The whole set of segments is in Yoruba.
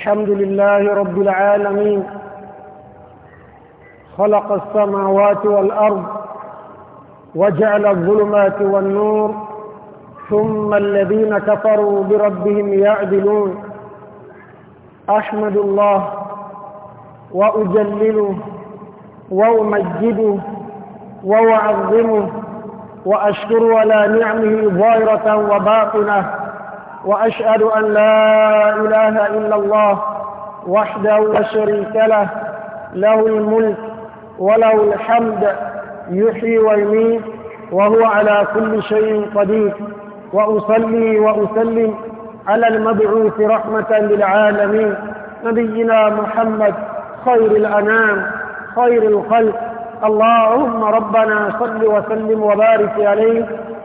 الحمد لله رب العالمين خلق السماوات والأرض وجعل الظلمات والنور ثم الذين كفروا بربهم يعدلون أحمد الله وأجلله وأمجده وأعظمه وأشكر على نعمه ظاهرة وباطنة وأشهد أن لا إله إلا الله وحده لا شريك له له الملك وله الحمد يحيي ويميت وهو على كل شيء قدير وأصلي وأسلم على المبعوث رحمة للعالمين نبينا محمد خير الأنام خير الخلق اللهم ربنا صل وسلم وبارك عليه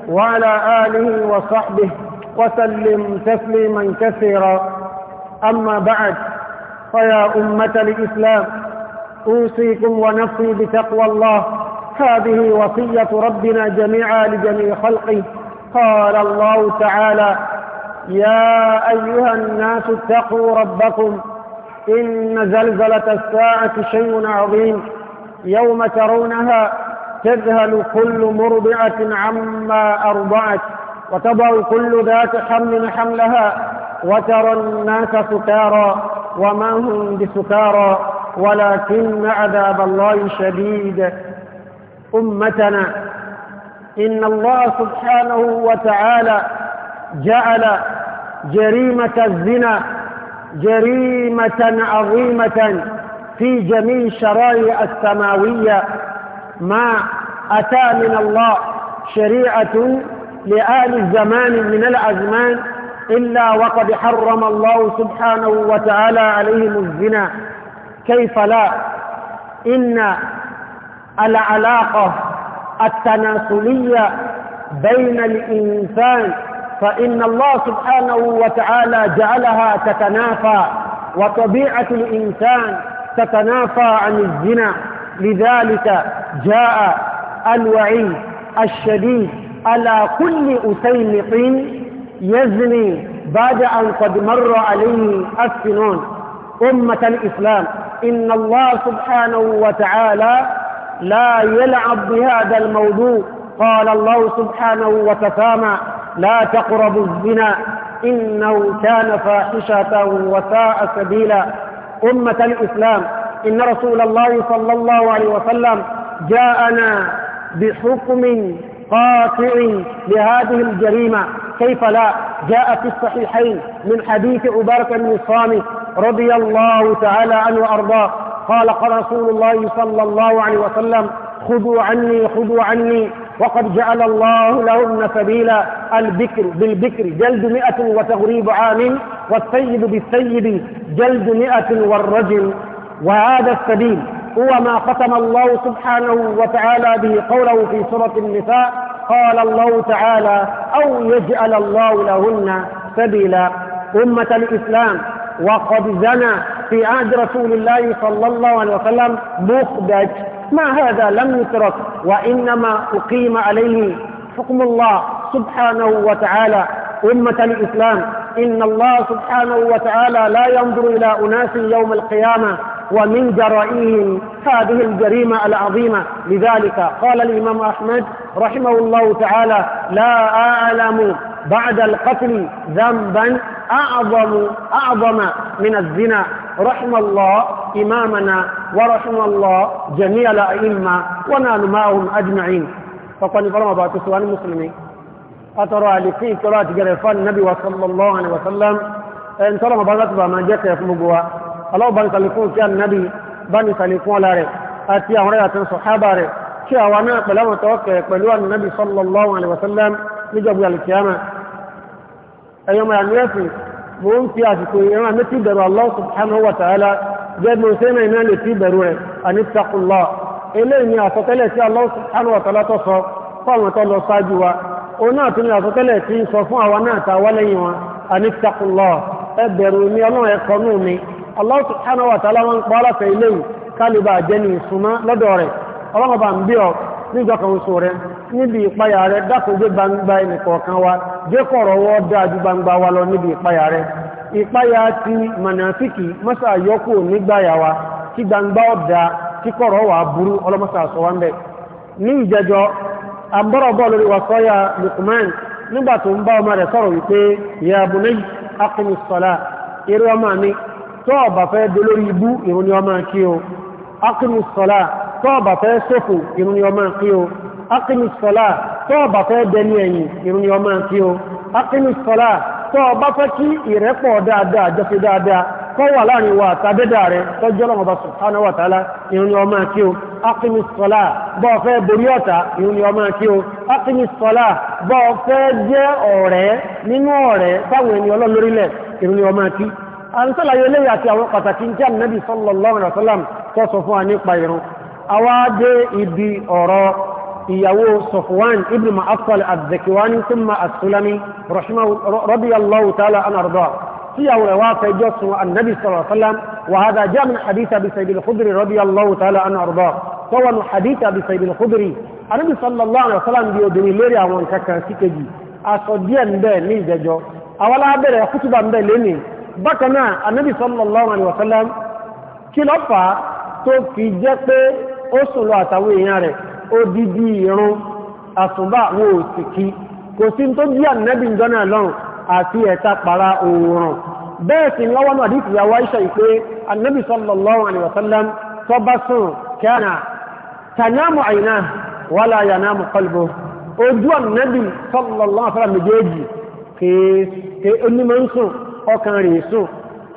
وعلى آله وصحبه وسلم تسليما كثيرا أما بعد فيا أمة الإسلام أوصيكم ونفسي بتقوى الله هذه وصية ربنا جميعا لجميع خلقه قال الله تعالى يا أيها الناس اتقوا ربكم إن زلزلة الساعة شيء عظيم يوم ترونها تذهل كل مربعة عما أرضعت وتضع كل ذات حمل حملها وترى الناس سكارى وما هم بسكارى ولكن عذاب الله شديد أمتنا إن الله سبحانه وتعالى جعل جريمة الزنا جريمة عظيمة في جميع الشرائع السماوية ما أتى من الله شريعة لآل الزمان من الأزمان إلا وقد حرم الله سبحانه وتعالى عليهم الزنا كيف لا إن العلاقة التناسلية بين الإنسان فإن الله سبحانه وتعالى جعلها تتنافى وطبيعة الإنسان تتنافى عن الزنا لذلك جاء الوعيد الشديد على كل أسيلق يزني بعد أن قد مر عليه السنون أمة الإسلام إن الله سبحانه وتعالى لا يلعب بهذا الموضوع قال الله سبحانه وتسامى لا تقربوا الزنا إنه كان فاحشة وساء سبيلا أمة الإسلام إن رسول الله صلى الله عليه وسلم جاءنا بحكم قاطع لهذه الجريمة كيف لا جاء في الصحيحين من حديث أبارك بن الصامت رضي الله تعالى عنه وأرضاه قال قال رسول الله صلى الله عليه وسلم خذوا عني خذوا عني وقد جعل الله لهن سبيلا البكر بالبكر جلد مئة وتغريب عام والسيد بالسيد جلد مئة والرجل وهذا السبيل هو ما ختم الله سبحانه وتعالى به قوله في سورة النساء قال الله تعالى أو يجعل الله لهن سبيلا أمة الإسلام وقد زنى في عهد رسول الله صلى الله عليه وسلم مخبج ما هذا لم يترك وإنما أقيم عليه حكم الله سبحانه وتعالى أمة الإسلام إن الله سبحانه وتعالى لا ينظر إلى أناس يوم القيامة ومن جرائم هذه الجريمة العظيمة لذلك قال الإمام أحمد رحمه الله تعالى لا أعلم بعد القتل ذنبا أعظم, أعظم من الزنا رحم الله إمامنا ورحم الله جميع الأئمة ونال معهم أجمعين فقال فرما بعد سؤال المسلمين أترى لكي قراءة جريفان النبي صلى الله عليه وسلم ان ترى bá ما máa jẹ́ kẹfún gbogbo aláwọ̀ bá ní sàlẹ̀kún kí annabi bá ní sàlẹ̀kún ọlá rẹ̀ àti àwọn rẹ̀ àti sọ̀hábà rẹ̀ kí àwọn náà pẹ̀lẹ́wọ̀n tọ́ọ̀kẹ̀ pẹ̀lú annabi sallallahu alaihi wasallam níjọba alkiyama ẹ̀yọ́ mọ̀ àmìyàsì mo ń fi àsìkò ìran méjì bẹ̀rù Allah subhanahu wa ta'ala jẹ́gbọ́n sẹ́nà iná lè fi bẹ̀rù rẹ̀ àní takùnlọ́ ní ọlọ́run ẹ̀kọ́ nù mi Allah subhanahu wa ta'ala wọn pọ́ aláfẹ́ ilé kálíbà jẹ́ ní ìsúnmọ́ lọ́dọ̀ rẹ̀ ọlọ́mọba ọ kan oṣù rẹ̀ níbi ìpayà rẹ̀ dákòógbé gbangba ẹnìkọ̀ọ̀kan wa jẹ́ kọ̀rọ̀ wọ́ dájú gbangba wa lọ níbi ìpayà rẹ̀ ìpayà ti mọ̀nàfíkì mọ́sà yọkù nígbàyà wa kí ya tọ́ọ̀bà fẹ́ dolórí ibú ìrúnni ọmọ kí o akínú sọ́lá tọ́ọ̀bà fẹ́ sófò ìrúnni ọmọ kí o akínú sọ́lá tọ́ọ̀bà fẹ́ dẹni ẹ̀yìn ìrúnni ọmọ kí o akínú sọ́lá tọ́ọ̀bà fẹ́ kí ìrẹ́pọ̀ dáadáa jọfẹ́ dáadáa kọ́ wà láàrin wa tàbẹ́dà rẹ̀ tọ́jọ́ lọ́wọ́ bá subhanahu wa ta'ala ìrúnni ọmọ kí o akínú sọ́lá bọ́ fẹ́ borí ọ̀tá ìrúnni ọmọ kí o akínú sọ́lá bọ́ fẹ́ jẹ́ ọ̀rẹ́ nínú ọ̀rẹ́ táwọn ènìyàn ọlọ́lórílẹ̀ ìrúnni ọmọ kí o a ń sọ́làyé lẹ́yìn àti àwọn pàtàkì jẹ́ ànábì sallallahu alaihi wasallam tó sọ fún wa nípa ìrun awáde ibi ọ̀rọ̀ ìyàwó sọfwan ibn ma'afal az-zakiwani thumma as-sulami radiyallahu ta'ala an arda tí yàwó rẹ̀ wá fẹ́ jọ sun ànábì sallallahu alaihi wasallam wa hadha ja'a min hadith abi sa'id al-khudri radiyallahu ta'ala an arda tó wà nù hadith abi sa'id al-khudri ànábì sallallahu alaihi bákanáà anábì sallallahu alaihi wasallam kí ló fà á tó fi jẹ́ pé ó sùn lọ àtàwọn èèyàn rẹ̀ ó dídí ìrun àsùnbà wọn ò sì kí kò sí tó bí anábì jọ́nà lọ́rùn àti ẹ̀ta para òòrùn bẹ́ẹ̀ sì lọ́wọ́ náà dìtì ìyàwó Aisha ìpé anábì sallallahu alaihi wasallam ọkàn rẹ̀ sùn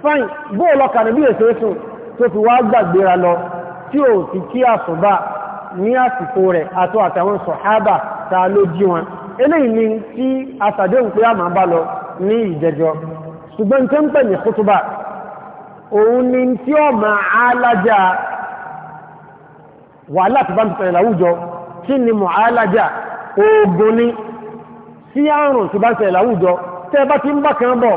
fine bóòlù ọkàn rẹ̀ bí èso sùn tó fi wá gbàgbéra lọ tí ò fi kí àsùbá ní àsìkò rẹ̀ atọ àtàwọn sọ̀hábà ta ló jí wọn eléyìn ni tí asàdéhùn pé a bá lọ ní ìjẹjọ ṣùgbọ́n tó ń pẹ̀ ni tí ó ma bá ń tẹ̀lẹ̀ láwùjọ kí ni mọ̀ ogun ti ń kan bọ̀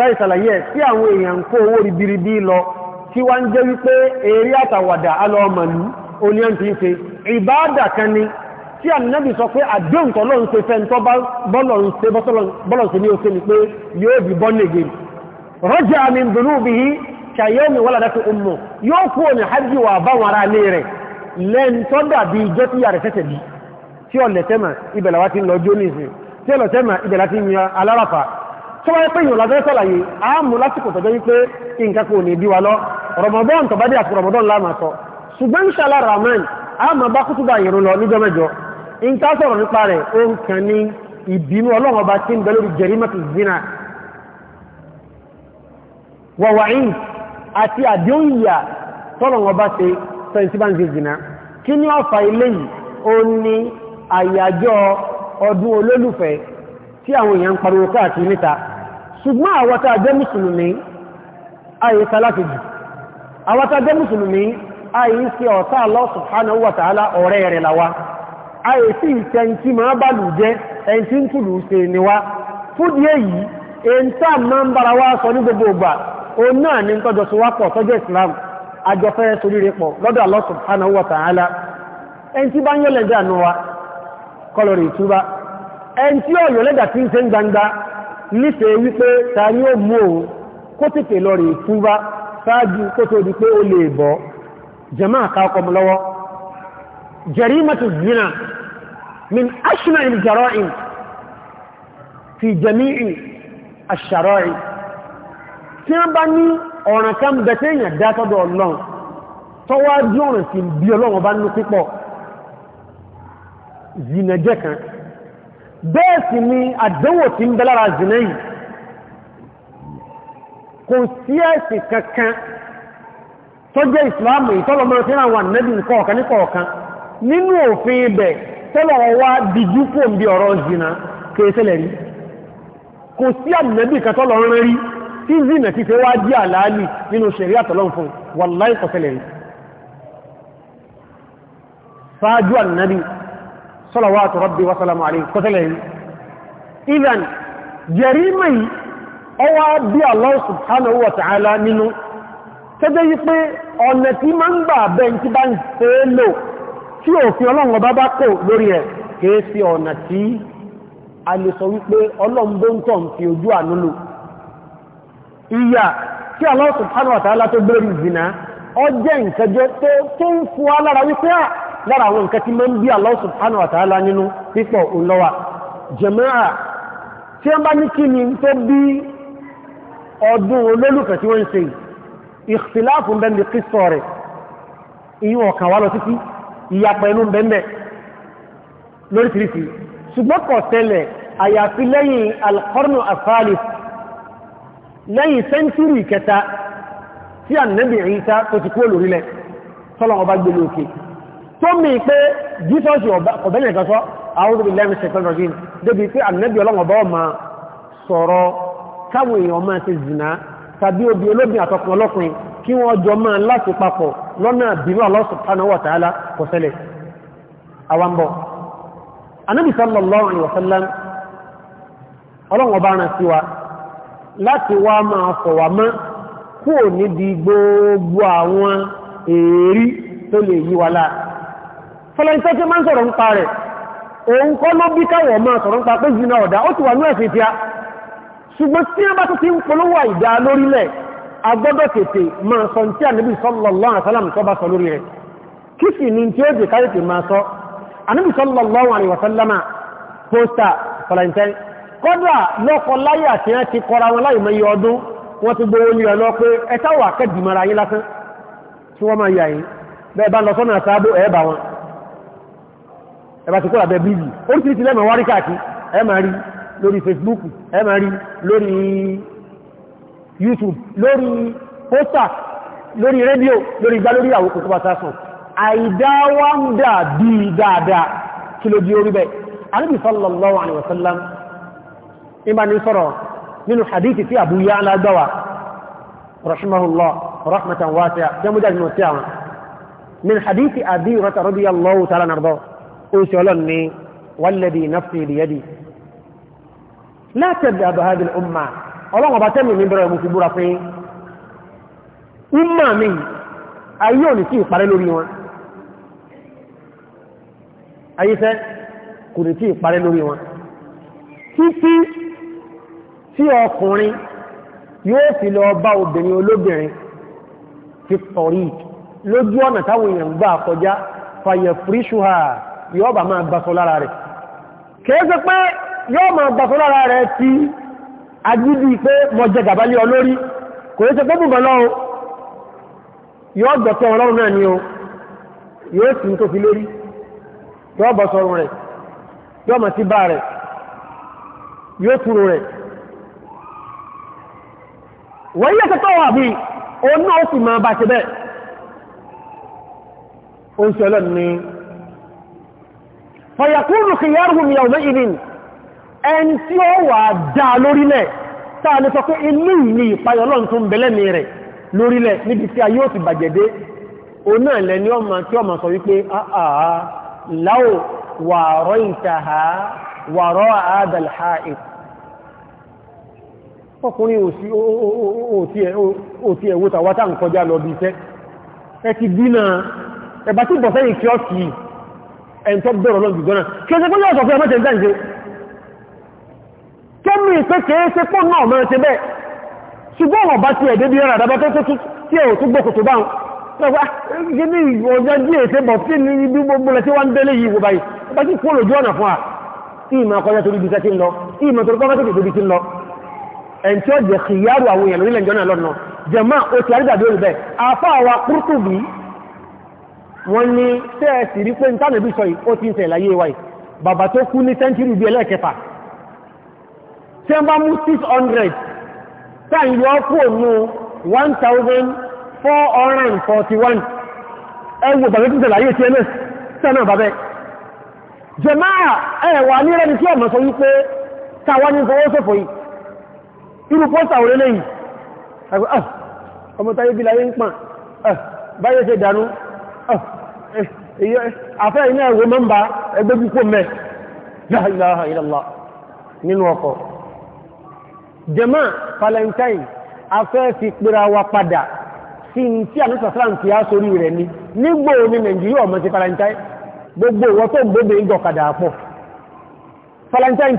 sáì sàlàyé sí àwọn èèyàn kó owó ribiribi lọ tí wá ń jẹ́ wípé eré àtàwàdà alọ́ọ̀mọ̀lú oníyàntí ń ṣe ìbáàdà kan ni tí ànábì sọ pé àdéhùntọ́ lọ́n ṣe fẹ́ tọ́ bọ́lọ̀ ṣe ní ni pé yóò bí bọ́nẹ̀gẹ̀ rọ́jà àmì ìbìnú bí i ṣàyẹ́mì wọ́n ládákẹ́ ọmọ yóò kú òní hajji wà báwọn ará lé tí ọ̀lẹ̀tẹ́mà ibẹ̀lá wá ti ń lọ jónìsìn tí ọ̀lẹ̀tẹ́mà ibẹ̀lá ti ń yan alárafa tó wáyé pé ìyọ̀lá fẹ́ sàlàyé àámú lásìkò tọ́jọ́ wípé nǹkan kò ní bí wa lọ rọmọdọ́n tó bá dé àti rọmọdọ́n láàmà sọ ṣùgbọ́n ṣàlá ramán àmà bá kútùbà ìrún lọ níjọ́ mẹ́jọ nǹkan sọ̀rọ̀ nípa rẹ̀ ó ń kàn ní ìbínú ọlọ́run ọba tí ń bẹ lórí jẹ̀rímọ́tì zina wọ̀wàáyìn àti àdéhùn àwọn èèyàn ń pariwo káàkiri níta ṣùgbọ́n àwọta jẹ́ musulmi àyíká láti jù àwọta jẹ́ mùsùlùmí àyíkí ọ̀tá Allah subhanahu wa ọ̀rẹ́ rẹ̀ láwá àyíkí ìtẹ́ntí ma bá lù jẹ́ ẹn ń tùlù ṣe níwá fúdí èyí èyí ma ń bára wá sọ ní gbogbo ògbà o tí nífẹ̀ẹ́ wípé ta ni ó mú òun kó tètè lọ rí túbá ṣáájú kó tó di pé ó lè bọ́ jẹ́mọ́ àká ọkọ̀ mú lọ́wọ́ jarimatu zina min ashna il jara'in fi jami'i ash-shara'i tí wọ́n bá ní ọ̀ràn kan bẹ̀tẹ̀ èèyàn dátọ́dọ̀ ọlọ́run tọ́wájú ọ̀ràn sí bí ọlọ́run bá ní bẹ́ẹ̀ sì ni àdánwò tí ń bẹ́lára zìnà yìí kò sí ẹ̀sì kankan tó jẹ́ ìsìláàmù ìtọ́lọmọ́rọ̀ tí àwọn ànẹ́bì kọ̀ọ̀kan ní kọ̀ọ̀kan nínú òfin ibẹ̀ tọ́lọ̀wọ́ wá dìjú fò ń bí ọ̀rọ̀ zìnà kèèsẹ́lẹ̀ صلوات ربي وسلامه عليه قتله اذا جريمه او ابي الله سبحانه وتعالى منه tẹ́jẹ́ yí pé ọ̀nà tí ma ń gbà bẹ́ ń tí bá ń fẹ́ lò tí òfin ọlọ́run ọba bá kò lórí ẹ̀ kìí sí ọ̀nà tí a lè sọ wípé ọlọ́mbó ń tọ̀ ń fi ojú ànúlò ìyà Allah subhanahu wa ta'ala tó gbé ìzìnà ọjẹ́ ìkẹjọ tó ń fún alára wípé lára àwọn nǹkan tí mọ́n bí Allah subhanahu wa ta'ala nínú pípọ̀ òlọ́wà jẹ̀mọ́ra tí wọ́n bá ní kí ni tó bí ọdún olólùfẹ́ tí wọ́n ń ṣe ìfìláàfù bẹ́ẹ̀ kìsọ̀ rẹ̀ ìyún ọ̀kan wá lọ títí ìyapa ẹnu bẹ́ẹ̀ lóríṣiríṣi ṣùgbọ́n kò tẹ́lẹ̀ àyàfi tó mi pé jesus ọ̀bẹ̀lẹ̀ kan sọ àwọn obìnrin lẹ́rin ṣẹ̀tọ́ rọ̀gìn débi pé ànẹ́bí ọlọ́wọ̀ bọ́ ma sọ̀rọ̀ káwọn èèyàn máa ṣe zìnà tàbí obi olóbìn àtọkùn ọlọ́kùnrin kí wọ́n jọ máa láti papọ̀ lọ́nà àbínú Allah subhanahu wa ta'ala kò ṣẹlẹ̀ àwambọ̀ ànábì sallallahu alaihi wasallam ọlọ́wọ̀ bá rán sí wa láti wá máa sọ wà mọ́ kúrò níbi gbogbo àwọn èrí tó lè yí wa láà fọlọ́ntẹ́ tí máa ń sọ̀rọ̀ ń pa rẹ̀ òun kọ́ ló bí káwọ̀ máa sọ̀rọ̀ ń pa pé zina ọ̀dá ó ti wà ní ẹ̀sìn ìfíà ṣùgbọ́n tí a bá tó ti ń polówó àìdá lórílẹ̀ agbọ́dọ̀ tètè máa sọ tí ànábì sallallahu alaihi wasallam tó bá sọ lórí rẹ̀ kí sì ni tí sallallahu alaihi wasallam pósítà fọlọ́ntẹ́ kọ́dà lọ́kọ láyé àti ẹ ti kọra wọn láì mẹ́yẹ ọdún wọ́n ti gbowó ní ọlọ́ pé ẹ táwà kẹ́dìmọ́ra yín lásán tí wọn ẹ̀bá ti kó àbẹ́ bíbí oríṣiríṣi lẹ́mọ̀ wárí káàkiri ẹ máa rí lórí Facebook ẹ máa rí lórí YouTube lórí pósà lórí rédíò lórí igbá lórí àwọn kòkó pàtàkùn àìdáwà ń dà bí dáadáa kí ló di orí bẹ́ẹ̀ Ànábì sallallahu alaihi wasallam ìmá ní sọ̀rọ̀ nínú hadithi tí Abu Ya'la gbáwa rahimahullah rahmatan wasi'a jẹ́ mú jáde nù sí àwọn min oṣù ọlọ́run ni wàlẹ́dì nafsi ìdíyẹ́dì látẹ̀dẹ̀ àbáhádì ọmọ ọlọ́run ọba tẹ́lẹ̀ mi bẹ̀rẹ̀ mùsùlùmí búra pé ọmọ mi ayé òní tí ìparẹ́ lórí wọn ayé fẹ́ kò ní tí ìparẹ́ lórí wọn títí tí ọkùnrin yóò fi lọ bá obìnrin olóbìnrin fi tọ̀rí lójú ọ̀nà táwọn èèyàn gbà kọjá fàyẹ̀ fúríṣù hàá yóò bà máa gbàsọ lára rẹ̀ kẹ́ẹ́sẹ́ pé yóò máa gbàsọ lára rẹ̀ ti agídí pé olórí kò yẹ́ sẹ pé bùbọ̀ lọ́wọ́ yóò gbọ̀tọ̀ ọlọ́run náà ni o yóò sì tó fi lórí yóò bọ̀ sọ̀rọ̀ rẹ̀ yóò mọ̀ sí bá rẹ̀ yóò túrò rẹ̀ wọ́n yẹ́ tẹ́tọ́ wà bí náà fàyàkúrù kìyàrùn yàwó ìrìn ẹn tí ó wà dá lórílẹ̀ tàà ní sọ pé ilú ní ìpayọ̀lọ́n tó ń bẹ̀lẹ̀ mi rẹ̀ lórílẹ̀ níbi tí a yóò ti bàjẹ̀dé oná ilẹ̀ ọmọ tí ọmọ sọ wípé ẹ̀ntọ́ bẹ̀rọ̀ lọ́n jùgbọ́n náà kí ẹsẹ́ pọ́lọ́ ọ̀sọ̀fẹ́ ọmọ tẹ̀lé ìṣẹ́ kẹ́mì pé kẹ́ẹ́sẹ́ pọ́ náà mọ́ ẹ̀ṣẹ́ bẹ́ẹ̀ ṣùgbọ́n wọ́n bá ti ẹ̀dẹ́ bí ẹ̀rọ àdábá tó tó tí ẹ̀ tó gbọ́ kòtò báhùn pẹ̀wá gẹ́gẹ́ ọjọ́ bí èsè bọ̀ sí ní ibi gbogbo rẹ̀ tí wọ́n ń délé yìí wọ́n báyìí bá sì kúrò lójú ọ̀nà fún wa ìmọ̀ akọ́jọ́ torí bíṣẹ́ tí ń wọ́n ní tẹ́ẹ̀sì rí pé ní tánàbí sọ ó ti ń tẹ̀ láyé wáyé bàbá tó kú ní sẹ́ńtírì bí ẹlẹ́ẹ̀kẹfà tí wọ́n bá mú 600 táì yọ kú ònú 1441 ẹwọ bàbá tó tẹ̀ láyé tí ẹlẹ́ sẹ́nà bàbẹ́ jẹmáà ẹ̀wà ní rẹni tí ọmọ sọ wípé tàwa ní fọwọ́ sọ́fọ́ yìí irú pọ́sà orílẹ̀ yìí ah, ọmọ táyé bí láyé ń pàn ah, báyé ṣe dànú àfẹ́ iná ẹ̀wọ̀ mẹ́mbà ẹgbẹ́ púpọ̀ mẹ́ la ilaha illallah nínú ọkọ̀ jẹ́mọ́ valentine afẹ́ fi pèrà wa padà sí tí àlúsà france á nke rẹ̀ ní nígbò ní nàìjíríà ọmọ ti valentine gbogbo ìwọ́ gbogbo ìjọ valentine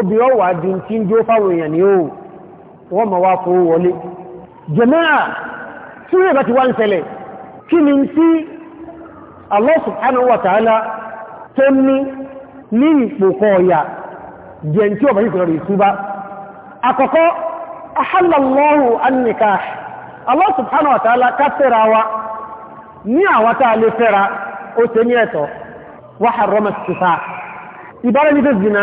obì ọwà di tí ń jó fáwọn èèyàn ni ó wọ́n ma wá kó wọlé jẹ́máà tí rẹ̀ bá ti wá ń ṣẹlẹ̀ kí ni tí Allah subhanahu wa ta'ala tó ní ní ìpòkọ̀ ọ̀yà jẹ́ tí ọba ìfẹ́ rẹ̀ túbá àkọ́kọ́ ahallallahu annikah ìbára ní fẹ́ zina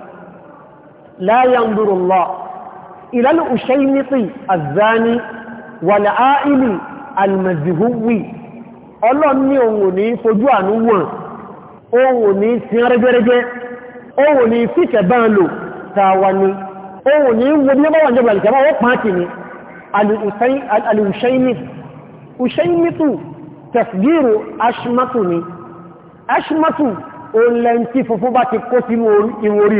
لا ينظر الله إلى الأشيمط الزاني والعائل المزهوي ọlọ́run ní òun ò ní fojú àánú wọn òun ò ní sí rẹ́gẹ́rẹ́gẹ́ òun ò ní fíkẹ̀ bá ń lò tàwà ní òun ò ní wo bí ó bá wà jẹ́ ìjọba ó pàákì ní alìhùsẹ́yìnmítù tẹ̀sgírù ashmatu ni ashmatu òun lẹ́ntí funfun bá ti kó sínú ìwòrí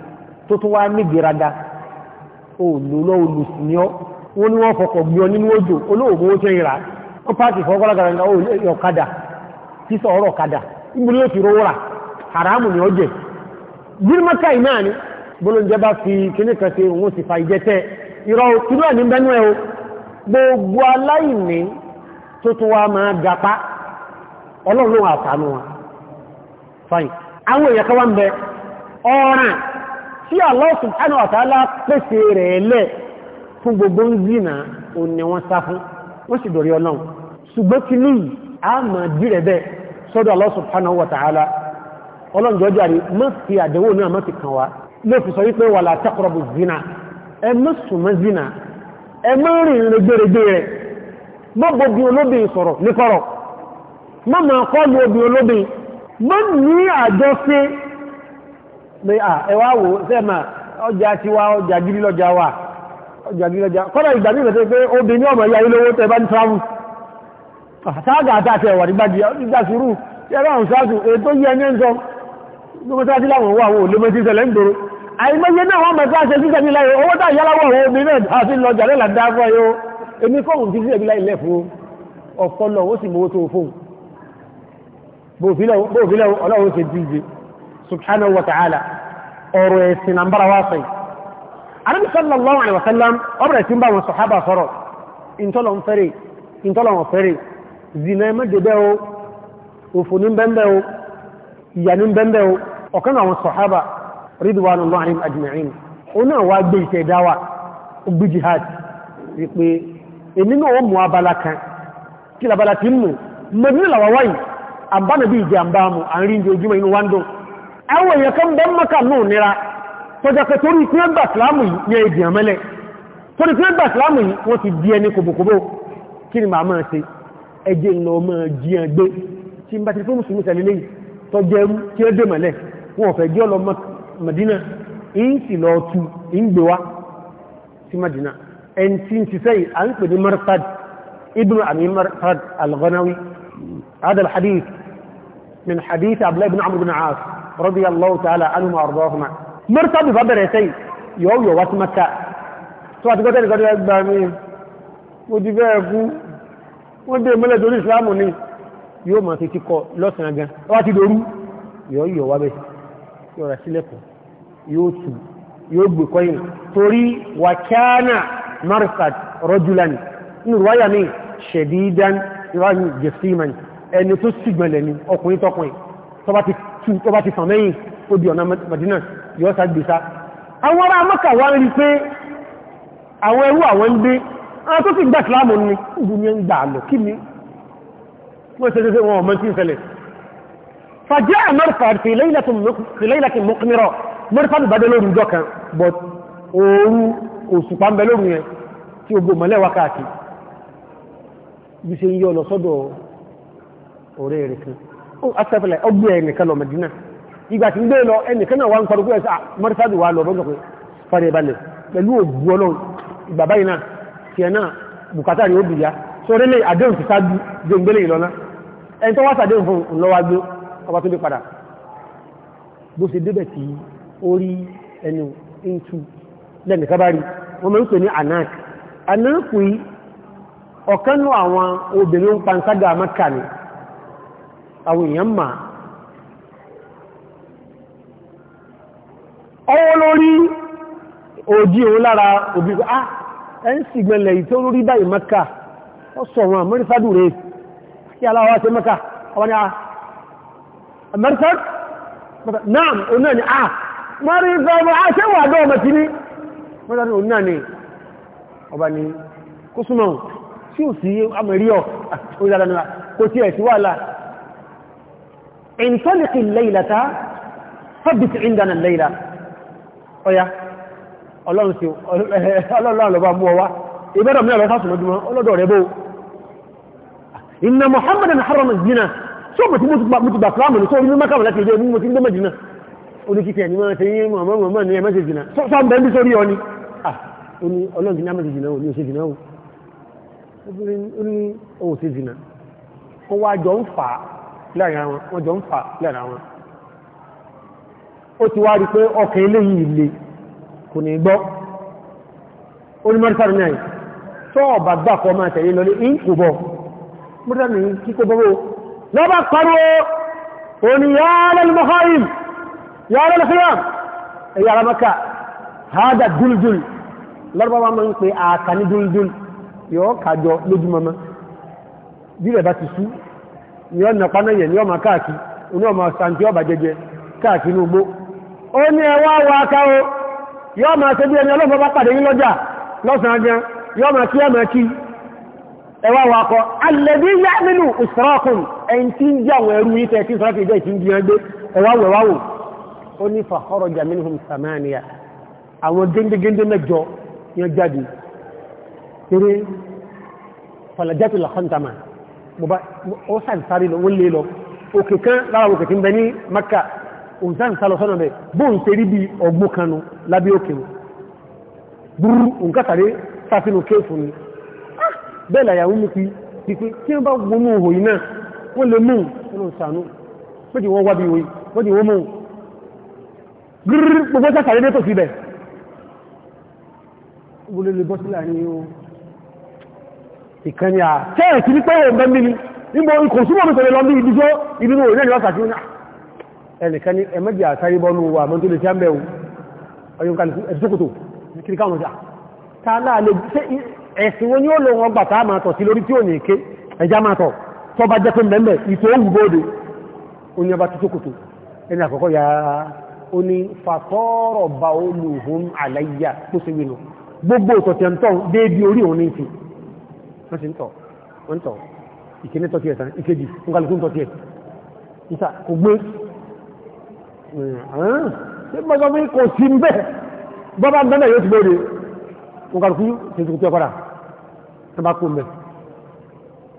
tó tún wá ní gbéraga olùlọ́ olùsìníọ́ wọ́n ní wọ́n fọkọ̀ gbíọ́ nínú òjò olóògbò ó tẹ́ ìrà ó pàtì fọ́gọ́lágàrà ọ̀kadà tí sọ̀rọ̀ ọ̀kadà ìgbìlú ó ti rówó rà haramu fi o gbogbo ọlọ́run àtànú wọn fine àwọn ń bẹ tí Allah subhanahu wa ta'ala pèsè rẹ̀ lẹ̀ fún gbogbo ń zìnà ò ní wọ́n sá fún wọ́n sì dọ̀rí ọlọ́run ṣùgbọ́n kí ní àmà dìrẹ̀ bẹ́ sọ́dọ̀ Allah subhanahu wa ta'ala ọlọ́run jọjọ́ àrí má fi àdẹ̀wò náà má fi kàn wá ló fi sọ wípé wala taqrabu zina ẹ pé à ẹwà wò sẹ́mà ọjà ti wá ọjà gírí lọ́jà wà ọjà gírí lọ́jà kọ́nà ìgbà ní ìrẹ̀tẹ́ pé obìnrin ọmọ ìyá ilé owó tẹ bá ń travel sáàgà àtàtẹ ẹ̀wà nígbàjì nígbà sùúrù yẹ́rọ àwọn sáàtù ètò yí ẹni ń sọ lókòtàtí láwọn wà wọ́n lèmọ́ sí ìṣẹ̀lẹ̀ ń gbòrò àìmọ́yẹ náà wọ́n mẹ́ta ṣe síṣẹ́ nílá yóò owó táà yálàwọ̀ àwọn obìnrin àti lọ́jà lẹ́là dáfọ́ yóò èmi fọ́hùn ti síṣẹ́ nílá ilẹ̀ fún ọpọlọ ó sì mọ́wó ọlọ́run ṣe díje subhanahu wa ta'ala ọ̀rọ̀ ẹ̀sìn na mbára wáṣọ yìí arábí sallallahu alaihi wasallam ọbẹ̀rẹ̀ tí ń bá wọn sọ̀hábà sọ̀rọ̀ ìntọ́lọ̀ fẹ́rẹ̀ ìntọ́lọ̀ wọn fẹ́rẹ̀ zina ẹ mẹ́jẹ̀bẹ́ o òfò ní bẹ́ẹ̀ o ìyà ní bẹ́ẹ̀ o ọ̀kan àwọn sọ̀hábà ridwanullahi alaihim ajma'in ó náà wá gbé ìṣẹ̀ dáwà ó gbé jihad wípé àbánàbí ìjàmbá mu àárín ojúmọ̀ inú wándùn àwọn èèyàn kan bẹ́ mọ́kà náà nira tọ́jọ́kẹ́ torí tí wọ́n gbà sílámù yẹ èdè àmẹ́lẹ̀ torí tí wọ́n gbà sílámù yìí wọ́n ti di ẹni kòbòkòbò kí ni màá máa ṣe ẹjẹ́ lọ máa jíyàn gbé tí n bá ti fún mùsùlùmí sẹ́lélé tọ́jẹ́ tí ó dé mọ̀lẹ̀ wọ́n fẹ́ jẹ́ lọ Madina ń sì lọ radiyallahu ta'ala anhum àrùbọ́ọ̀fùmá mẹ́rìtàbù bá bẹ̀rẹ̀ sẹ́yìn yóò yọ wá sí maka tó àti gọ́tẹ́ nìkan tó gbà mí mo ti fẹ́ kú wọ́n dé mọ́lẹ̀ torí ìsìlámù ni yóò máa ti ti kọ lọ́sàn-án gan wá ti dorú yóò yọ wá bẹ́ẹ̀ yóò rà sílẹ̀kùn yóò tù yóò gbè kọ́yìn torí wàkíánà marsad rọ́júlani ní ìwáyà mi ṣẹ̀dídán ìwáyà mi jẹ̀síman ẹni tó sì gbẹ̀lẹ̀ ni ọkùnrin tọkùnrin tó ti tú tó bá ti fàn mẹ́yìn ó di ọ̀nà Madina yọ́ sá gbèsá àwọn ará Mọ́kà wá ń rí pé àwọn ẹrú àwọn ń gbé àwọn tó sì gbà sílámù ni ìlú ni ń gbà lọ kí ni wọ́n ṣe ṣe wọn ọmọ tí ń ṣẹlẹ̀ fàjẹ́ àmọ́rìfàd fìlẹ́ìlàtì mọ́kànlá mọ́rìfàd bá dé lórí ìjọ kan but ooru òṣùpá ń bẹ lórí yẹn tí ogbò mọ́lẹ̀ wákàtí bí asẹ́fẹ̀lẹ̀ ọgbẹ́ ẹnìkan lọ Mẹ́dínà ìgbà tí ń gbé lọ ẹnìkan náà wà ń kọrùkú ẹ̀sà ah, mọ́rísádù wà lọ lọ́jọ́ pé fàrí ìbalẹ̀ pẹ̀lú ògbú ọlọ́run ìgbà báyìí náà tí ẹ bùkátà rí ó bìyà so rélé àdéhùn ti sáájú gbẹ̀ngbẹ̀lé ìlọ́lá ẹni tó wá àwọn èèyàn mà ọwọ́ lórí òjì òun lára òbí pé ah ẹ́ ń sìgbẹ̀lẹ̀ ìtẹ́ olórí báyìí mẹ́ka ọ sọ̀rọ̀ àmọ́rífádù rẹ̀ kí aláwọ̀ ṣe mẹ́ka ọwọ́ ni ah amẹ́rífádù náà òun náà ni ah mọ́rífádù ah ṣe wà dọ́ ọmọ tí ní mọ́rífádù òun náà ni ọba ni kó súnmọ́ انطلق الليلة ثبت عندنا الليلة ọya ọlọ́run sí ọlọ́run lọ́bá mú ọwá ìbẹ̀rẹ̀ mìíràn sásùn lójúmọ́ ọlọ́dọ̀ rẹ̀ bó iná mohamed haram zina tí ó mọ̀ tí mú ti gbà fúlámù ní sórí mímọ́ kàmù láti ìjẹ́ mú ti gbé méjì náà oníkítẹ̀ ní wọ́n tẹ́yí mọ̀mọ́ ní ẹmẹ́sì zina sọ́n bẹ̀ẹ́ bí sórí ọ ni ọlọ́run ti ní ẹmẹ́sì zina ò ní òṣè zina ò láàrin àwọn wọ́n jọ ń fà láàrin àwọn ó ti wá rí pé ọkàn eléyìí ilé kò ní gbọ́ onímọ̀tífàrí náà tó ọba gbà kọ máa tẹ̀lé lọ ní ìkò bọ̀ mọ́tàmì kíkò bọ́bọ́ lọ́bà parọ́ òní yàálẹ́lẹ́mọ́háìm yàálẹ́lẹ́fẹ́yàm ẹ̀yà aramaka hádà dúldúl lọ́rọ̀bá máa ń pè àkàní dúldúl yọ́ kàjọ lójúmọ́mọ́ bí rẹ̀ bá ti sú ni ọ̀nà panáyẹ̀ ni ọmọ káàkì ní ọmọ sàntí ọba jẹjẹ káàkì ní ugbó ó ní ẹwà wà káwó yọ́ ma ṣe bí ẹni ọlọ́pọ̀ bá pàdé yí lọ́jà lọ́sàn gan yọ́ ma kí ẹmọ kí ẹwà wà kọ alẹ́bí yá nínú ìsọ́rọ̀kùn ẹni tí ń jẹ́ àwọn ẹrú yìí tẹ́ẹ̀kí sọ́rọ̀kì jẹ́ ìtì ó sàǹsáré lọ wọ́n lè lọ òkè kan lára òkè tí ń bẹ ní maka òun sàǹsáré sọ́nà bẹ̀ bó ń ṣe rí bí ọgbó kanu lábí òkè wọn burú nǹkan tàbí sàfinú kéèfù ni ah, bẹ́ẹ̀ làyàwó mi fi pípé tí wọ́n bá wọnú òhò yìí náà wọ́n lè mú ọlọ́run sànú méjì wọ́n wá bí ìwé wọ́n jì wọ́n mú gbogbo sàṣàrédé tó fi bẹ̀ ìkànnì à tẹ́ẹ̀ sí ní pẹ́wọ̀ ọ̀gbẹ́ mímí nígbò ikò súnmọ̀ mi tẹ̀lé lọ bí ibi tó ibi tó ìrẹ́lẹ̀ ọ̀sà tí ó ní ẹnìkan ní ẹmẹ́jì àtàrí bọ́nu wà mọ́ tó lè jẹ́ mẹ́wù ọyún kan ẹ̀sùkòtò kiri káwọn ọjà ta láàlẹ́ ẹ̀sìn wọn yóò lọ wọn gbà tá máa tọ̀ sí lórí tí ò ní ké ẹjá máa tọ̀ tó bá jẹ́ pé mẹ́mẹ́ ìtò òwú bóde ó ní ọba tó sókòtò ẹni àkọ́kọ́ ya ó ní fàtọ́rọ̀ bá olùhùn àlàyé tó ṣe wínú gbogbo ìtọ̀tẹ̀ ń tọ̀ orí òun ní ti wọ́n ti ń tọ̀ wọ́n ń tọ̀ ìkéde tọ́ tiẹ̀ tán ìkejì ń kálukú ń tọ́ tiẹ̀ níta kò gbé ṣé mọ́tò mi kò sí ń bẹ́ẹ̀ bọ́bá ń bẹ́ẹ̀ yóò ti bóde ń kálukú ṣe tuntun ẹ̀ padà tó bá kó ń bẹ́ẹ̀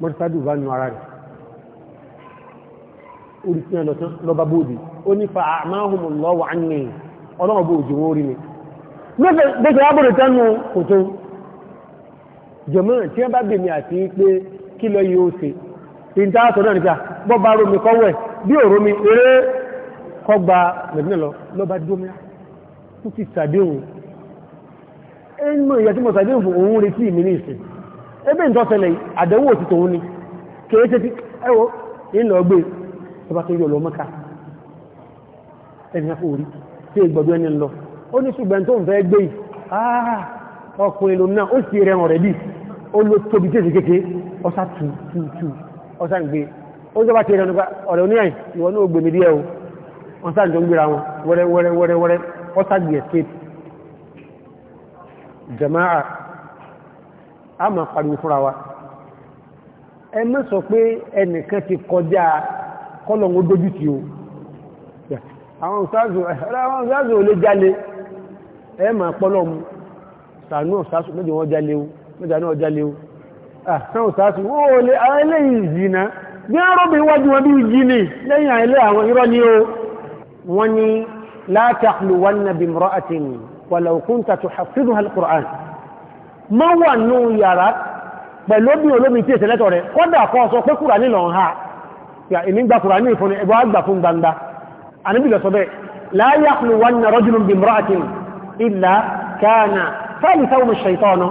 mọ́tò sáà dùn bá nu ara rẹ̀ orí sí ẹ̀ lọ́ba bóde ó ní fa àmáhùn lọ́wọ́ àní ọlọ́wọ́ bó òjò wọn rí mi. Gbèsè àbúrò tẹ́nu kò tó jẹ̀mọ́ tí wọ́n bá bèèmí àti pé kí lọ yìí ó ṣe ìta àtọ̀ náà nígbà bọ́ bá romi kọ́wọ́ ẹ̀ bí ò romi eré kọgbà mẹ̀dínà lọ lọ́ba dómìnà tó ti sàdéhùn ẹnmọ̀ ìyà tí mo sàdéhùn fún òun retí mi ní ìsìn ebe ń tọ́sẹ̀lẹ̀ àdẹ̀wò òtì tòun ni kèé tẹ́tí ẹwọ́ ìlọ gbé ọba tó yọ lọ mọ́ka ẹ̀fìnà fòrí tí ìgbọ̀gbẹ́ ni lọ ó ní ṣùgbọ́n tó ń fẹ́ gbé ah, ọkùnrin lòun náà ó sì rẹ̀ ọ̀rẹ́dì ló tóbi tí èsì kéke ọsá tù tù tù ọsá ń gbé ó jọba tí ẹ̀rọ ọ̀rẹ́ oníyàn ìwọ náà gbèmí díẹ̀ o wọ́n sáà ń gbéra wọn wẹ́rẹ́ wẹ́rẹ́ wẹ́rẹ́ wẹ́rẹ́ ọsá gbé escape jama'a a máa pariwo fúnra wa ẹ mọ́ sọ pé ẹnìkan ti kọjá kọ́lọ̀n ó dójú tì o àwọn òṣàzò ò lè jálẹ̀ ẹ máa pọ́lọ̀ mu sàánú òṣàzò méjì wọ́n jálẹ̀ o mẹ́ta ní ọjà léwu àwọn òsàásù ó lè àwọn eléyìí ìzìnà bí wọ́n rọ́bì iwájú wọn bí ìjì ni lẹ́yìn àìlé àwọn irọ́ ni ó wọ́n ní la tahluwanna bimra'atin walau kunta ní ìfúnni ẹgbọ́ àgbà fún gbangba àníbìlọ̀ sọ bẹ́ẹ̀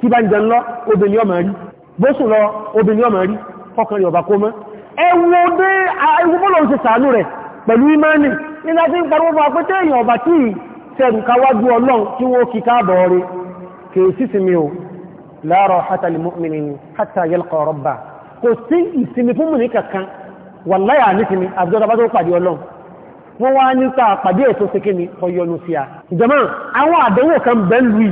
tí bá ń jẹun lọ obìnrin ọmọ rí bóṣùn lọ obìnrin ọmọ rí fọkànlẹ̀ ọba kó mọ́ ẹwọ dé ẹwọ́bọ́lọ̀ ṣe sàánú rẹ̀ pẹ̀lú imani nígbà tí ń parọ́ bá pẹ́ tẹ́yìn ọba tí sẹ́rù káwájú ọlọ́run tí wọ́n kí káàbọ̀ rẹ̀ kèé sísì mi ò la rahata lil mu'minin hatta yalqa rabba kò sí ìsinmi fún mùní kankan sí a ìjọmọ́ àwọn àdánwò kan bẹ́ẹ̀ lùí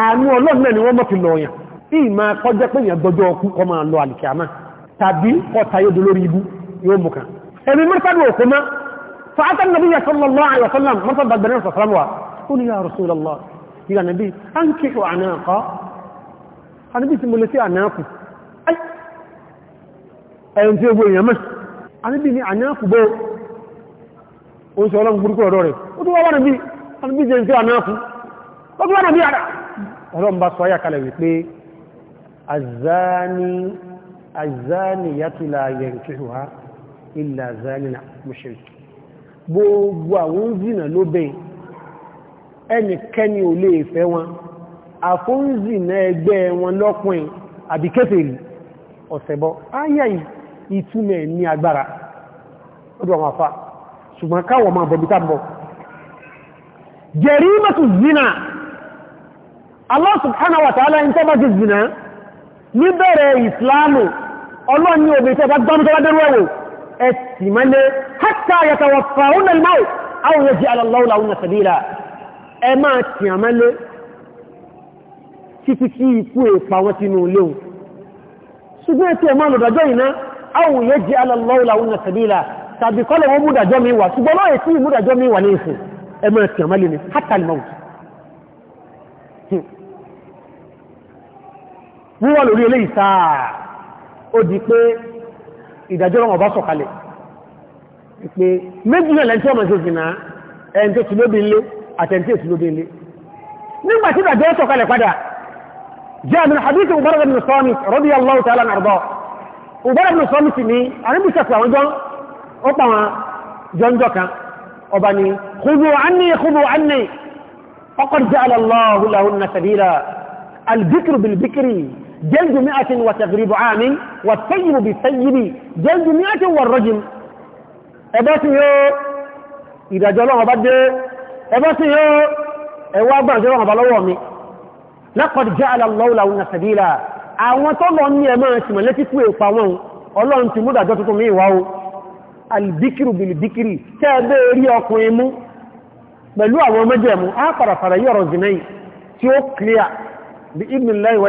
àánú ọlọ́run náà ni wọ́n mọ́ fi lọ yàn ìmá kọjẹ́ pé èèyàn gbọjọ́ ọkú kọ máa lọ àlìkàmá tàbí ọ̀tayédò lórí ibú yóò mú kan ẹni mọ́sádù òkú mọ́ fàátà nàbí sallallahu alaihi wasallam mọ́sádù bàgbẹ̀rẹ̀ sọ̀sọ́lọ́mù wa ó ní ya Rasulullah ìyá nàbí à ń kí ànáàkọ́ ànábì tí mo lè sí ànáàkù ẹ̀yìn tí ó gbé èèyàn mọ́ ànábì ní ànáàkù bó oúnjẹ ọlọ́run burúkú ọ̀dọ́ rẹ̀ ó tó wá ọlọ́run bá sọ ayàkalẹ̀ wípé azani azani yàtùlà yẹ̀nkìhùwá ilẹ̀ azani na mushrik gbogbo àwọn zina ló bẹ̀ ẹnikẹ́ni ò lè fẹ́ wọn àfóúnzìnà ẹgbẹ́ wọn lọ́pìn àbí kèfèrí ọ̀sẹ̀bọ́ ayayi ìtumẹ̀ ní agbára ọdún àwọn afá Allah subhanahu wa ta'ala in tẹ́bá ti zìnà ní bẹ̀rẹ̀ ìsìláàmù ọlọ́ni obì tẹ́bá gbọ́mùtọ́lá dẹ̀rú ẹ̀wò ẹ̀tì mẹ́lẹ̀ hatta yatawaffahun al-maut aw yaj'al Allahu lahunna sabila ẹ máa tì à mẹ́lẹ̀ títí kí ikú èpa wọn sínú léwu ṣùgbọ́n ètò ẹ̀mọ́ lọ́dọ̀jọ́ ìná aw yaj'al Allahu lahunna sabila tàbí kọ́lọ̀ wọn múdàjọ́ mi wà ṣùgbọ́n lọ́yẹ̀ tí múdàjọ́ mi wà ní ìsìn ẹ máa tì à ni hatta al-maut wọ́n wà lórí eléyìí sáà ó di pé ìdájọ́ ọ̀rọ̀ ọba sọ̀kalẹ̀ pé méjì náà lẹ́ntí ọmọ ìṣòfìnà ẹni tó ti lóbi ilé àtẹ̀ntí èsì lóbi ilé nígbàtí ìdájọ́ sọ̀kalẹ̀ padà جاء من حديث مبارك بن صامت رضي الله تعالى عنه أرضاه مبارك بن صامت ني أنا بسكوا وجن أطمع جن جوكا أبني خذوا عني خذوا عني فقد جعل الله لهن سبيلا البكر بالبكر جلد مئة وتغريب عام والطيب بالطيب جلد مئة والرجم ẹbọ́sí yóò ìdájọ́ ọlọ́run ọba dé ẹbọ́sí yóò ẹwà agbára ọlọ́run ọba lọ́wọ́ mi laqad ja'ala Allahu lahunna sabila àwọn tó lọ ní ẹmọ́ ìsìnmọ̀ létí kú èpa wọn ọlọ́run ti múdàjọ́ tuntun mi ìwá o albikiru bilibikiri tẹ́ ẹgbẹ́ orí ọkùnrin mú pẹ̀lú àwọn méjèmú á parafara yọ̀rọ̀ zinai tí ó clear bi ibn lai wa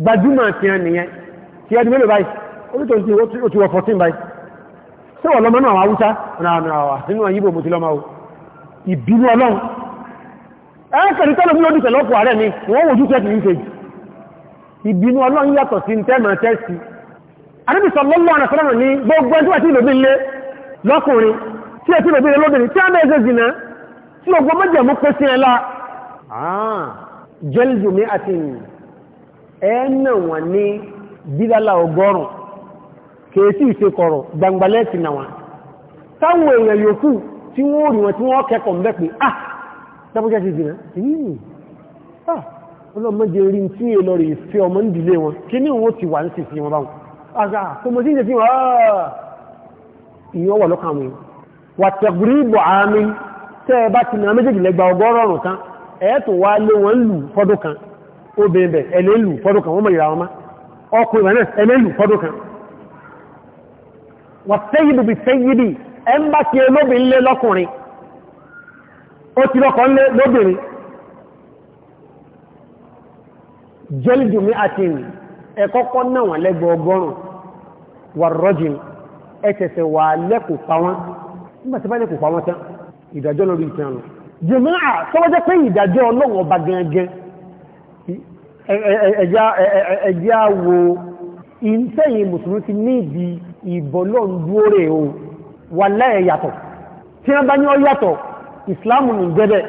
gbajúmọ̀ ti hàn nìyẹn ti ẹdí mélòó báyìí orítò tí ó ti wọ 14 báyìí tí wọ́n lọ́mọ náà wáwúta nínú àyíbò mo ti lọ́mọ o ìbínú ọlọ́run ẹ́kẹ̀rí tọ́lọ mú lódìtẹ̀ lọ́pọ̀ ààrẹ ni wọ́n wòjú tẹ́tì ní ṣe ìbínú ọlọ́run yàtọ̀ sí tẹ́mà tẹ́sì anábìsọ lọ́lọ́ àrẹ̀sọ́lọ́rọ̀ ní gbogbo ẹjọ́ àti ìlòbí ilé lọ́kùnrin tí ẹ̀tí ìlòbí ilé lóbìnrin tí a mẹ́ ẹgbẹ́ zìnà tí ogun mẹ́jẹ̀ mú pé sí ẹlá jẹ́lìdùmí àti ìyìn ẹ̀ẹ́nà wọn ní bílálà ọgọ́rùn kèésì ìṣekọ̀rọ̀ gbangbálẹ́ẹ̀tì nà wọn táwọn èèyàn yòókù tí wọ́n rí wọn tí wọ́n kẹ́kọ̀ọ́ mẹ́ pé ah dábọ́jẹ́ ti dìnà yìí ah ọlọ́mọdé rí tí è lọ rí fẹ́ ọmọ ń dìlé wọn kí ní wọ́n ti wà ń sì fi wọn báwọn àgbà tó mọ́ bá wọn lù obìnrin bẹ̀ ẹlẹ́lù fọ́dún wọ́n mọ̀ ìrà ọmọ Ọkụ bẹ̀ náà ẹlẹ́lù fọ́dún wà sẹ́yìdì bí sẹ́yìdì ẹ bá ti lé lọ́kùnrin ó ti lọ́kọ̀ lé lóbìnrin jẹ́lìdùmí àti ìrìn ẹ náà lẹ́gbẹ̀ ọgọ́rùn wà rọ́jìn wà lẹ́kù jùmọ́ à pé ẹjá wo ìsẹ́yìn mùsùlùmí ti ní ìdí ìbọ̀lọ́ndúórè o wà láẹ̀ yàtọ̀ tí wọ́n bá ní ọ yàtọ̀ ìsìláàmù ní jẹ́bẹ̀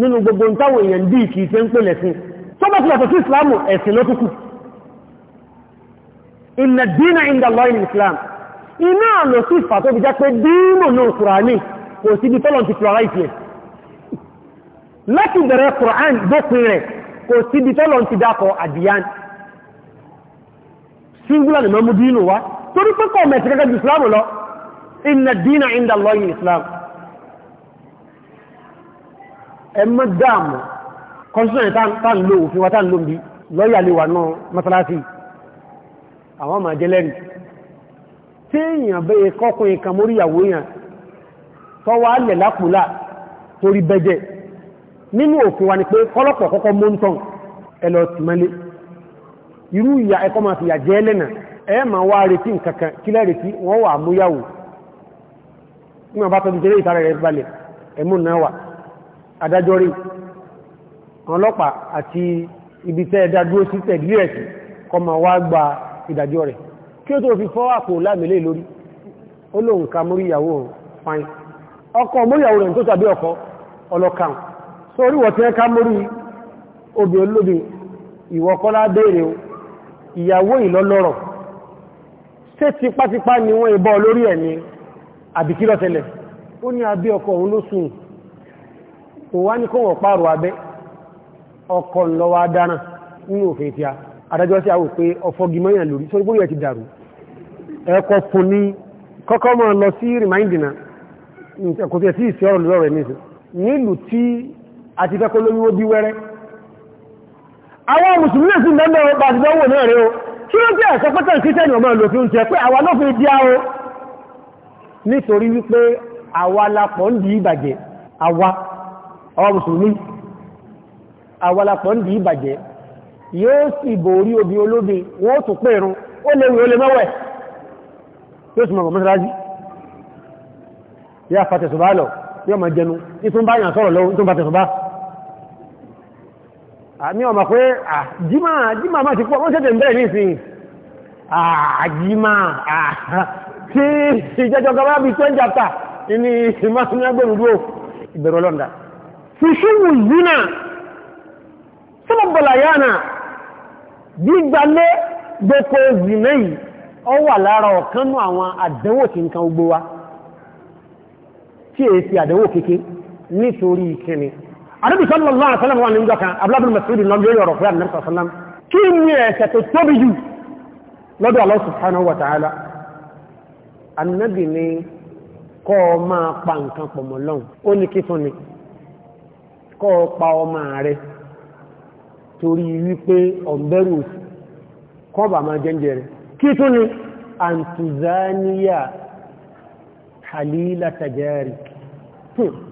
nínú gbogbo táwọn èèyàn dì kìí fẹ́ ń pè lẹ́sìn tó bá ti yàtọ̀ sí ìsìláàmù ẹ̀sìn ló kúkú inna dínà inda Allahi kò síbi tọ́lọ̀ ti dákọ̀ àdìyàn singular ni mọ́ mú dínú wá torí pẹ́kọ̀ mẹ́tí gẹ́gẹ́ bí islam lọ inna dínà inda Allahi islam ẹmọ́ dáàmù constitution tán ló òfin wa tán ló ń bí lọ́yà lè wà náà mọ́sálásí àwọn ọmọ torí bẹ́jẹ̀ nínú òfin wa ni pé kọ́lọ́pọ̀ kọ́kọ́ mọ́ntán ẹlọ tìmọ́lé irú ìyà ẹkọ́ máa fi yàjẹ́ ẹlẹ́nà ẹ ma wá retí nkankan kí lẹ́rìtí wọ́n wà múyàwó nígbà bá tọ́jú jẹ́rẹ́ ìtara rẹ̀ balẹ̀ ẹmú náà wà adájọ́ rí ọlọ́pàá àti ibi tẹ́ ẹ̀dá dúró sí tẹ̀dírẹ̀sì kọ ma wá gba ìdájọ́ rẹ̀ kí ó tó fi fọ́ àpò lámìlé lórí ó lóun ka móríyàwó fine ọkọ̀ móríyàwó rẹ̀ tó tàbí ọkọ̀ ọlọ́kàun sórí wọ̀tẹ́ ká mórí obì olóbi ìwọ̀kọ́lá béèrè ìyàwó ìlọ́lọ́rọ̀ ṣé tipátipá ni wọ́n ìbọ́ lórí ẹ̀ni àbìkílọ̀ tẹ́lẹ̀ ó ní abẹ́ ọkọ òun ló sùn kò wá ní kóhùn pààrọ̀ abẹ́ ọkọ̀ lọ́wọ́ ti àti fẹ́ kó lóyún ó bí wẹ́rẹ́ àwọn mùsùlùmí lè sí mẹ́mẹ́ ọba àtìdánwò náà rẹ̀ o kí ló jẹ́ ẹ̀sọ́ pẹ́tẹ̀ kírísẹ́nì ọmọ ìlò fi ń jẹ pé àwa ló fi dí áwọ nítorí wípé àwa lápọ̀ ń di ìbàjẹ́ àwa àwọn mùsùlùmí àwa lápọ̀ ń di ìbàjẹ́ yóò sì borí obi olóbi wọ́n tún pé ó lè wí ó lè mọ́wẹ̀ yóò sì mọ̀ mọ́sárájì yá fàtẹ̀sùbá lọ yóò mọ̀ jẹnu ìtúnbá yàn sọ̀rọ̀ lọ́wọ́ ìtúnbá tẹ̀sùbá àmì ọmọ pé àjímà àjímà máa ti pọ̀ wọ́n tẹ́tẹ̀ ń bẹ̀rẹ̀ ní ìsìn àjímà tí ìjẹjọ́ gọba bí tó ń jàpá ní ìmọ̀sánná gbẹ̀rùdú ìbẹ̀rù ọlọ́ndà fi ṣíwù zina sọ́bọ̀bọ̀là yánà gbígbalé gbogbo zina yìí ọ wà lára ọ̀kanú àwọn àdánwò tí nǹkan gbogbo wa tí èsì àdánwò kéke nítorí ìkẹni ànábì sallallahu alaihi wasallam wà ní ìjọ kan abúlábùn masudi lọ yóò yọrọ fún ànábì sallam kí ni ẹ̀ṣẹ̀ tó tóbi jù lọ́dọ̀ Allah subhanahu wa ta'ala ànábì ni kọ́ ọ máa pa ni kọ́ ọ pa torí wípé ọ̀bẹ̀rù kọ́ bà máa jẹ́ǹjẹ́ antuzaniya halila tajari hmm.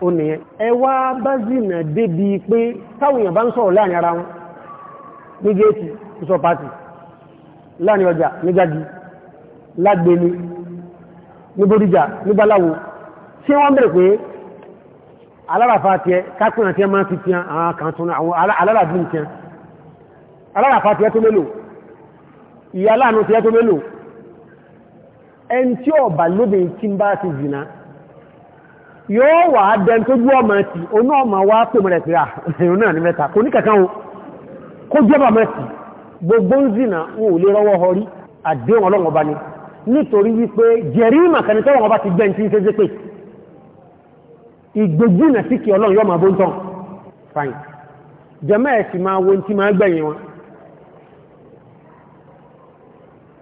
ó nìyẹn ẹwà bá zìnà débi pé táwọn èèyàn bá ń sọ̀rọ̀ láàrin ara wọn ní géètì ìsọ pàtì láàrin ọjà nígbàdí lágbèmí níbódìjà nígbàláwo tí wọ́n bẹ̀rẹ̀ pé alárafà tiẹ kápẹ́nà tiẹ máa fi tiẹ àwọn kan tún àwọn alárabí tiẹ tí ọ̀bà lóbìn tí ń bá ti zìnà yóò wà dẹn tó gbọ́ ọmọ ẹ̀tì oní ọmọ wá pè mọ̀ ẹ̀tì àìrùn náà ní mẹ́ta kò ní kankan o kó jọba mẹ́tì gbogbo ń zìnà wọn ò lè rọwọ́ ọrí àdéhùn ọlọ́wọ́ bá ní nítorí wípé jẹ̀rí màkàní tọ́wọ́ wọn bá ti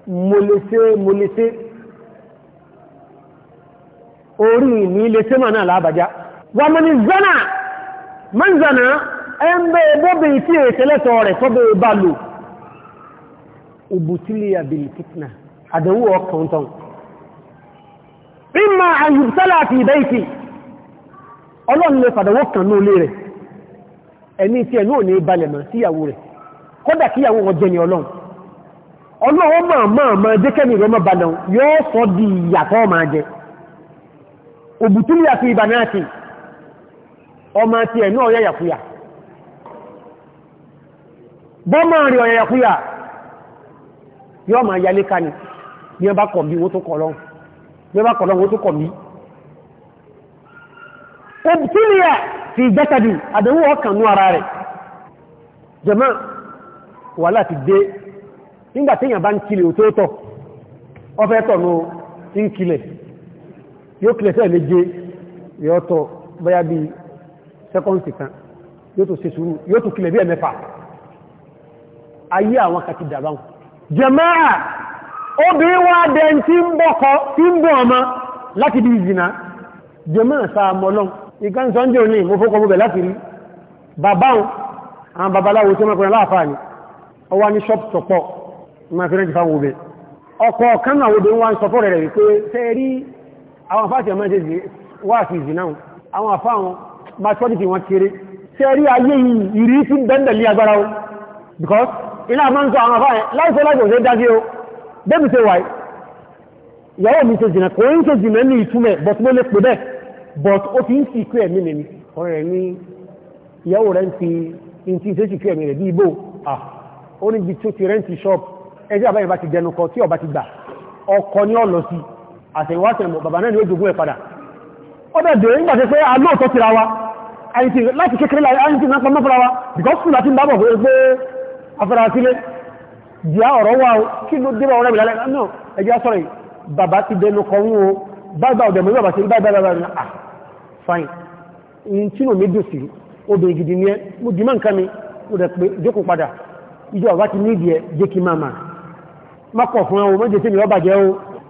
mo lè ṣe mo lè ṣe orí ní ilé náà lábàjá wà mọ́ ni zana mọ́ zana ẹgbẹ́ bóbi tí èsẹ́lẹ́tọ̀ rẹ̀ tọ́bẹ̀ bá lò ìbùtílé àbìlì fitna àdánwò ọkàntán àyùbùsálà àti ìbẹ́ ọlọ́run lè kan rẹ̀ rẹ̀ ni òbùtúlì àti ọmọ àti ẹ̀ náà yàyàkúyà bọ́mọ̀ rí ọ̀yàyàkúyà yọ́ ma yalé ká ní ní ẹbá kọ̀ wó tó kọ̀ lọ́n ní wó tó ìjẹ́tàdì ọkànú ara rẹ̀ jẹ́mọ́ wà láti dé yóò kílẹ̀ sẹ́ẹ̀ méje yóò tọ̀ bóyá bí sẹ́kọ́ǹsì kan yóò tó ṣe sùúrù yóò tó kílẹ̀ bí ẹ̀ mẹ́fà ayé àwọn kàti dàbáhùn jẹmáà obìnrin wá dẹ tí ń bọ́kọ tí ń bọ́ ọmọ láti bí ìzìnà jẹmáà sàmọ́lọ́n ìgánsọ́njẹ́ òní mo fókọ mú bẹ̀ láti rí bàbáhùn àwọn babaláwo tó mẹ́kùnrin láàfáà ni ọ wá ní ṣọ́pù tọ̀pọ̀ ọkọ̀ kan náà obìnrin wá ń sọ fọ́rẹ̀ rẹ̀ wípé fẹ́ rí àwọn afáàtì ọmọ ẹ̀jẹ̀ wà sí ìzì náà àwọn afáàwọn maturity wọn kéré ṣe rí ayé ìrí sí bẹ́ndẹ̀lì agbára o because iná máa ń sọ àwọn afáàyẹ láìsọ láìsọ ṣe dájú o bẹ́bí ṣe wáyé ìyàwó mi ṣe jìnà kò ń ṣe jìnà ní ìtumẹ̀ but mo lè pè bẹ́ẹ̀ but ó fi ń sì kú ẹ̀mí mi ọ̀rẹ́ ní ìyàwó rẹ̀ ń fi ń ti ṣe sì kú ẹ̀mí rẹ̀ bí ibò ah ó ní ibi tí ó ti rẹ́ǹtì ṣọ́ọ̀bù ẹjẹ́ àbáyẹ̀ bá ti dẹnu kọ tí ọba ti gbà ọkọ ni ọ lọ sí i àtẹ̀wàtẹ̀ bàbá náà ni ó jogún ẹ̀ padà ọdẹ̀ dèrè nígbà tẹ́ pé alóòtọ́ tira wa àìtì láti kékeré láì àìtì náà pamọ́ fúnra wa bìkọ́sùn láti ń bábọ̀ pé afẹ́ra sílé jìá ọ̀rọ̀ wà kí ló dé ọ̀rẹ́ ìlàlẹ́ náà ẹjẹ́ sọ́rọ̀ bàbá ti dẹnu kọrún o báyìí ọ̀dẹ̀ mọ̀ bàbá ti rí báyìí báyìí ah fine in tí mo méjì sí obìnrin gidi ni ẹ mo dì máa nǹkan mi mo dẹ̀ pé jókòó padà ìjọ àbá ti ní ìdí ẹ jẹ́ kí máa máa ọ bàjẹ́ o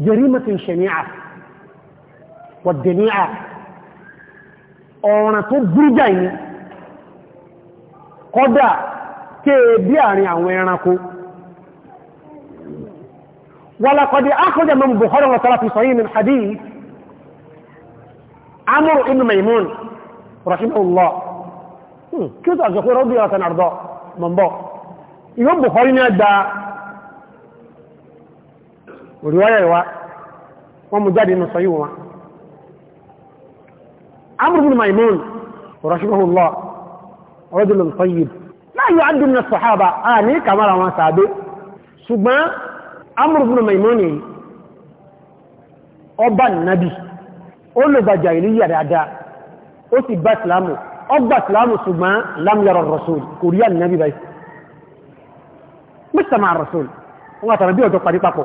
جريمة شنيعة والدنيعة ọ̀ràn tó búrújà yìí kọ́dà kéèbí àrin àwọn ẹranko ولقد أخذ من بخاري وطلع في صحيح من حديث عمرو بن ميمون رحمه الله كيف أزخور رضي الله عنه أرضاه من بخاري يوم بخاري ní ẹgbàá òríwáyà ìwá wọ́n mú jáde nù sọ́yí wọn Amr ibn Maimun rahimahullah rajulun tayyib la yu'addu min as-sahaba a ní kàmàrà wọn sàábé ṣùgbọ́n Amr ibn Maimun yìí ọba nàbì ó lè bàjà ìlú yàdàdà ó sì bá ìsìlámù ọgbà ìsìlámù ṣùgbọ́n lam yara rasul kò rí ànàbì báyìí mr ma'ar rasul wọ́n àtàrà bí ọjọ́ parí papọ̀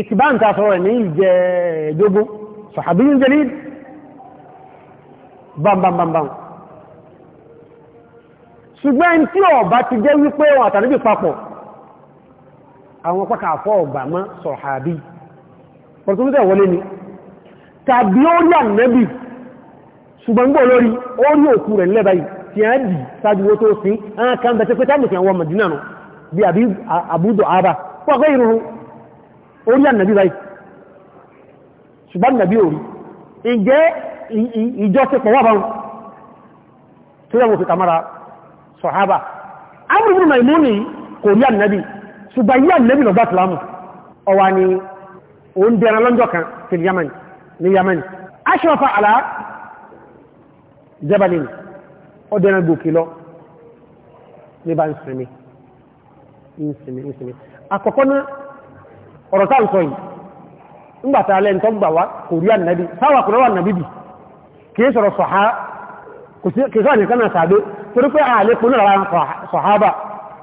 ìtìbáǹ ta sọ̀rọ̀ ní ìjẹ́ ẹ̀dógún sahabiyun jalil bambambambam ṣùgbọ́n tí ọba ti jẹ́ wípé wọn àtàríbì papọ̀ àwọn pàkà àfọ́ ọgbà mọ́ sahabi pọ̀tùmítẹ̀ wọlé ni tàbí ó rí ànẹ́bì ṣùgbọ́n gbọ́ lórí ó rí òkú rẹ̀ nílẹ̀ báyìí tí a dì sájú ó tó sí àwọn kan bẹ̀tẹ̀ pé àwọn Mádínà nù bí àbúdọ̀ àbá pọ̀ orí ànàbí báyìí ṣùgbọ́n ànàbí orí ìjẹ́ ìjọsẹ̀pọ̀ wà báhùn tó yẹ wọ́n fi kàmára sọ̀hábà amúrùn maimuni kò rí ànàbí ṣùgbọ́n yí ànàbí lọ bá tìlámù ọwà ni òun dẹran lọ́njọ́ kan ti yamani ní yamani aṣọ́fà àlá jabalin ọ dẹran gòkè lọ ní ń sinmi ń náà ọ̀rọ̀ tá ń alẹ́ ń gbà wá kò rí ànàbí sáwà kò rọ́wà ànàbí bì kìí sọ̀rọ̀ sọ̀há kìí sọ̀rọ̀ nìkan náà sàbé torí náà sọ̀hábà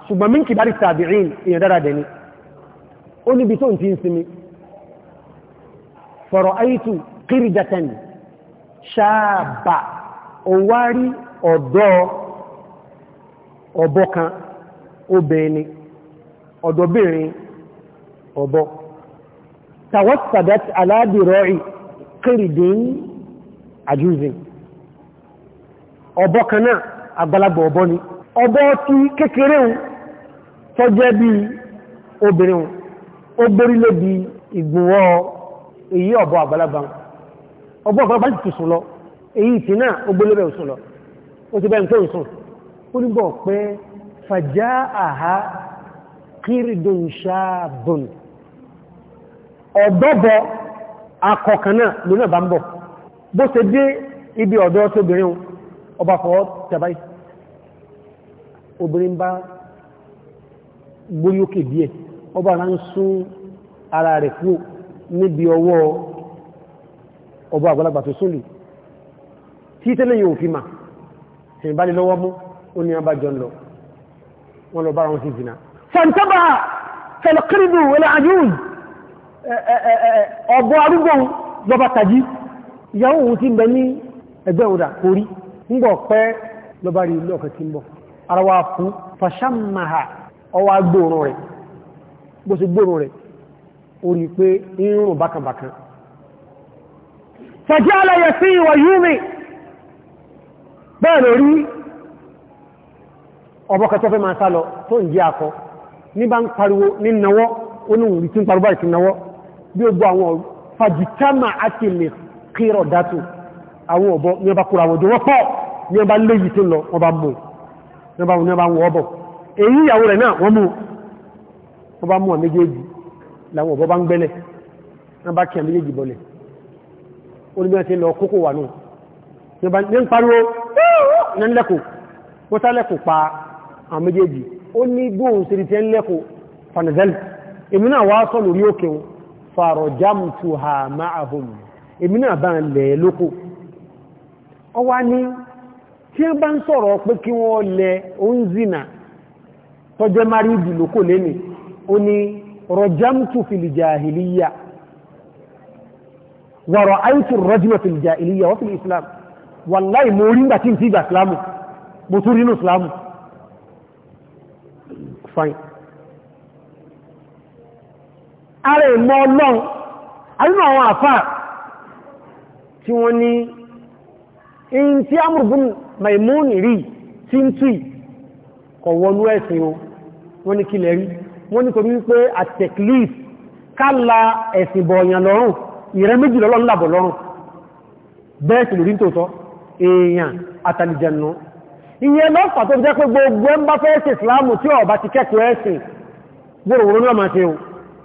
ṣùgbọ́n mí sàbìrín èèyàn dára dẹni ó níbi tó ti ń fọ̀rọ̀ ayítù kiri jatan ọ̀bọ tawassadat aládìrọ́ì kìrìdín àjúzin ọ̀bọ kan náà àgbàlagbà ọbọ ni ọ̀bọ ti kékeré hun tó bí obìnrin hun ó gbórílé bí ìgbùnwọ́ èyí ọ̀bọ àgbàlagbà ti sùn lọ èyí tí lọ ti tó ọ̀dọ́bọ̀ akọ̀kànnà lónà bá ń bọ̀ bó ṣe dé ibi ọ̀dọ́ tóbìnrin ọba fọ́ tẹ̀báyì obìnrin bá gbóyókè díẹ̀ ọba ara ń sún ara rẹ̀ kú níbi ọwọ́ ọba àgbàlagbà tó sólè tí tẹ́lẹ̀ yóò fi mà ìbánilọ́wọ́ mú ó ní abájọ lọ wọ́n ọ̀bọ̀ arúgbó lọba tàjí ìyàwó òun ti bẹ ní ẹgbẹ́ òdà orí ńgbọ̀ pẹ́ lọba rí ilé ọ̀kẹ́ tí ń bọ̀ ara wa fún fashamaha ọwá gbóòrùn rẹ̀ bó ṣe gbóòrùn orí pé irun bákanbákan sí ìwà yúmi bẹ́ẹ̀ bí ogbó àwọn fàjìtàmà àti lè kírọ dátù àwọn ọ̀bọ̀ ní ọba kúrò àwọn òjòwọ́ pọ̀ ní ọba léyìí tó lọ ọba mú ọba mú ọba wọ́bọ̀ èyí ìyàwó rẹ̀ náà wọ́n mú ọba mú àméjèèjì láwọn ọ̀bọ̀ bá ń gbẹ́lẹ̀ wọ́n bá kí àméjèèjì bọ́lẹ̀ onímọ̀ lọ kókò wà pa àméjèèjì ó ní gbóhùn sí ti ń lẹ́kù fanazẹ́lì èmi náà wá sọ lórí òkè farajamtuha ma'ahum èmi náà bá ń lẹ̀ lóko ọ wá ní tí wọ́n bá ń sọ̀rọ̀ pé kí wọ́n lẹ oúnzìnà tọ́jẹ́ márìdì lóko lẹ́nì ó ní rọjámtù fìlìjàhìlìyà wọ̀rọ̀ fine ara ìmọ̀ ọlọ́run àdínú àwọn àfà tí wọ́n ní in tí amúrùbùn maimoni rí tí ń tùí kọ̀ wọnú ẹ̀sìn o wọ́n ní kílẹ̀ rí wọ́n ní torí wípé àtẹ̀klif kálà ẹ̀sìn bọ̀ọ̀yàn lọ́rùn ìrẹ́ méjì lọ́lọ́run làbọ̀ lọ́rùn bẹ́ẹ̀ sì lórí tòótọ́ èèyàn àtàlìjẹ̀nà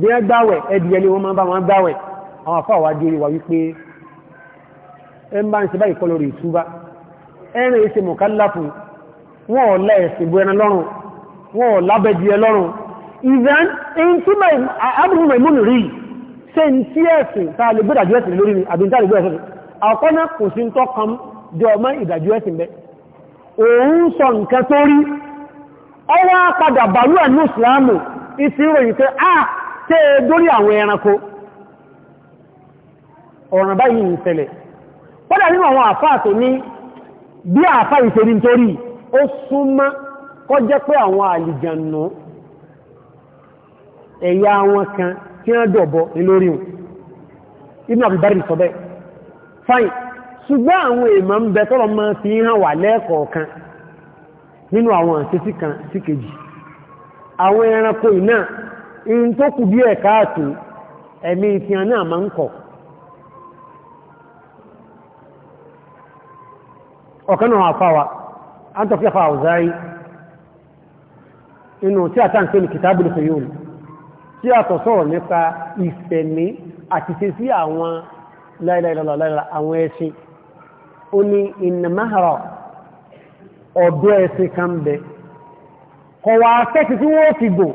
bí wọ́n gbáwẹ̀ ẹdìyẹ ni wọ́n máa bá wọn gbáwẹ̀ àwọn afọ́ àwádìí wà wípé ẹ ń bá ń ṣe báyìí kọ́ lórí ìtúbá ẹ̀rìn ìṣe mọ̀kálàfù wọ́n ò lẹ́ẹ̀sìn bu ẹran lọ́rùn wọ́n ò lábẹ́dìẹ lọ́rùn ìdán tí abúrú mẹ́mú rí ni àbí ta lè gbọ́dà sọ́sìn àkọ́nà kò sí tọ́ kan jọ ọmọ ìdàjú ẹ̀sìn bẹ́ ìsìn ròyìn pé ah tẹ́ ẹ dórí àwọn ẹranko ọ̀ràn báyìí ń pọ́dà nínú àwọn àfáà tó ní bí àfáà ìṣẹ́rí nítorí ó súnmọ́ kọ́ jẹ́ pé àwọn àlìjànà ẹ̀yà àwọn kan tí wọ́n dọ̀bọ̀ lórí wọn inú fine àwọn fi hàn wà in tó kù bí ẹ̀ka àtò ẹ̀mí ìfihàn náà máa ń kọ̀ ọ̀kan náà àfáwa an tafi àfáà ọ̀záyí inú tí a tàn pé ní kìtàbùlù fẹ́ yóò tí a tọ̀ sọ̀rọ̀ nípa ìfẹ̀mí àti ṣe sí àwọn láìláìlọ́lọ́lá àwọn ẹṣin ó ní ìnàmáhàrà ọ̀dọ́ ẹṣin kan bẹ kọ̀wà afẹ́kì tí wọ́n ti gùn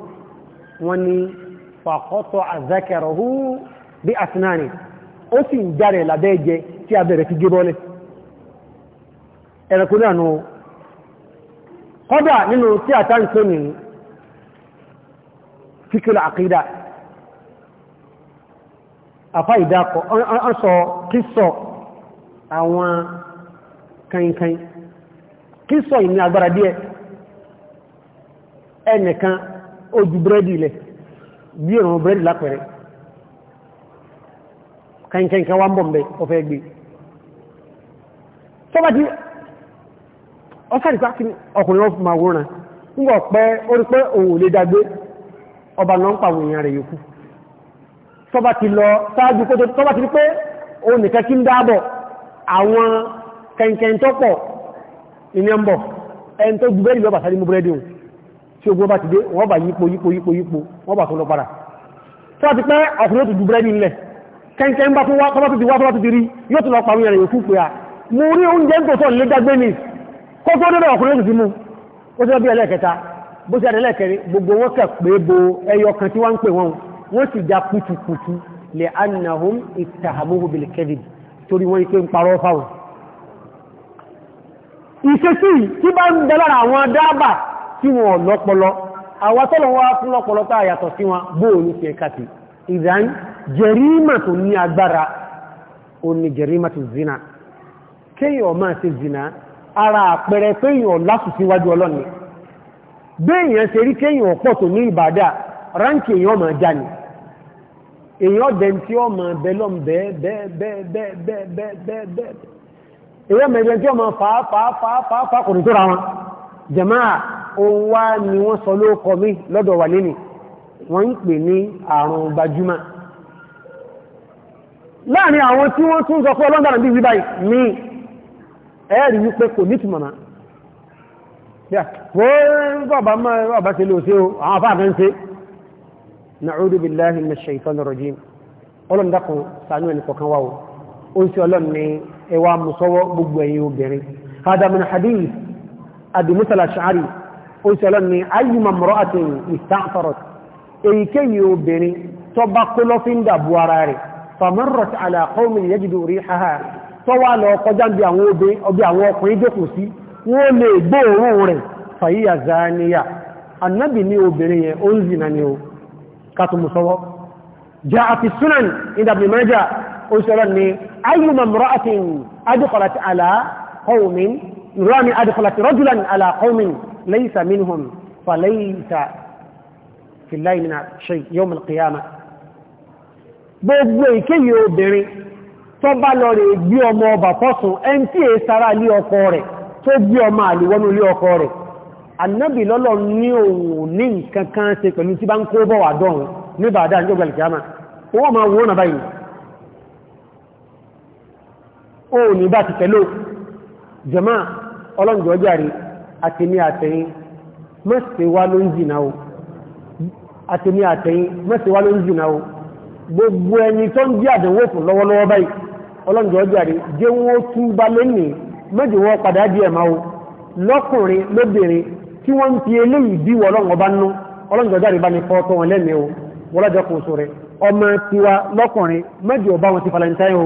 wọ́n ní fàkọ́tọ̀ àzákẹ̀rọ̀hú bí àsìnáàni ó sì ń járe lábẹ́ ẹjẹ tí a bẹ̀rẹ̀ fi gé bọ́lẹ̀ ẹ̀rẹ̀kú náà nù kọ́dà nínú tí a tán tó ní fíkìlọ̀ àkídà afá ìdákọ̀ ọ́sọ̀ kíso àwọn kankan kíso ìní agbára díẹ̀ ẹnìkan ojú búrẹ́dì ilẹ̀ bí ìrùn búrẹ́dì lápẹ̀rẹ̀ kẹ́kẹ́kẹ́ wá ń bọ̀ mẹ́ ọ̀fẹ́ gbé tọ́bá ti ọ́sàrí pé ọkùnrin wọn máa wúran ń bọ̀ pẹ́ orí pé òun lè dágbé ọba náà ń pa àwọn èèyàn rẹ̀ yòókù tọ́bá ti lọ sáájú kó tọ́bá ti rí pé òun nìkan kí ń dáàbọ̀ àwọn kẹ́kẹ́ tọ́pọ̀ ìní ń bọ̀ ẹni tó gbúgbẹ́rì lọ́bà sáré mú búrẹ́dì òun tí ogun bá ti dé wọ́n bá yípo yípo yípo yípo wọ́n bá tó lọ padà tó àti pẹ́ ọkùnrin tó dùbúrẹ́ nílẹ̀ kẹ́ńkẹ́ ń bá tó wá tó ti wá tó ti rí yóò tó lọ pàrọ̀ yẹ̀rẹ̀ yòókù pé a mo rí oúnjẹ ń tòótọ́ nílé dágbé ni kó tó débẹ̀ ọkùnrin tó ti mú ó ti lọ bí ẹlẹ́ẹ̀kẹta bó ti ẹlẹ́ẹ̀kẹrin gbogbo wọn kẹ̀ pé bo ẹyọ kan tí wọ́n ń pè wọn wọ́n sì ja kutukutu lè anahum ìtàhàmóhù bìlì kẹ́dì torí wọ́n ike ń parọ́ fáwọn ìṣesí tí bá ń bẹ lára àwọn dábàá tí wọn lọ́pọlọ àwọn tọ́lọ̀ wá tó àyàtọ̀ sí wọn bóò ní fi ẹ̀ka ìdáyí jẹ̀rímà zina kéèyàn máa ṣe zina ara àpẹẹrẹ péèyàn lásù ọlọ́ni béèyàn ṣe ní ni tí fàá fàá fàá fàá kò ní tó jama'a òun wá ni wọ́n sọ lóókọ mi lọ́dọ̀ wà lẹ́nìí wọ́n ń pè ní àrùn gbajúmọ̀ láàrin àwọn tí wọ́n tún sọ pé ọlọ́dàrà bí wíbá mi ẹ̀rì wípé kò ní tùmọ̀nà bọ́ọ̀bá máa bá ṣe lóòṣe o àwọn afá àbẹ́ ń ṣe na'udu na minash ọlọ́ndàkùn ẹni kọ̀kan o ó ń ṣe ọlọ́ni ẹwà mùsọ́wọ́ gbogbo ẹ̀yìn obìnrin àdùmúsàlà ṣàárì oṣèlọ́n ni ayyuma mọ́rọ́tìn ìtàfàrọ̀t èyíkéyìí obìnrin tó bá kó lọ fi ń dàbò ara rẹ̀ fàmọ́rọ̀t àlàkọ́mì yẹ́jìdò rí haha tó wà lọ kọjá bí àwọn ọkùnrin jókòó sí wọ́n lè gbóòrùn rẹ̀ رامي أدخلت رجلا على قوم ليس منهم فليس في الله من شيء يوم القيامة gbogbo ìkéyìí obìnrin tó bá lọ rẹ̀ gbí ọmọ ọba fọ́sùn ẹn tí è sára lé ọkọ rẹ̀ tó gbí ọmọ àlúwọ́nú lé ọkọ rẹ̀ annabi lọ́lọ́ ní òun ní nǹkan kan ṣe pẹ̀lú tí bá ń kó bọ́ wà dọ́run ní bàdá àjọ gbàlìkìyàmà owó ma wó nà báyìí jama ọlọ́njọ́ jàre àtẹ̀mí àtẹ̀yìn mẹ́sẹ̀wá ló ń jìnà o àtẹ̀mí àtẹ̀yìn mẹ́sẹ̀wá ló ń jìnà o gbogbo ẹni tó ń jí àdánwò fún lọ́wọ́lọ́wọ́ báyìí ọlọ́njọ́ jàre jẹ́ wọ́n tí wọ́n lọ́kùnrin méjì ọba ti valentine o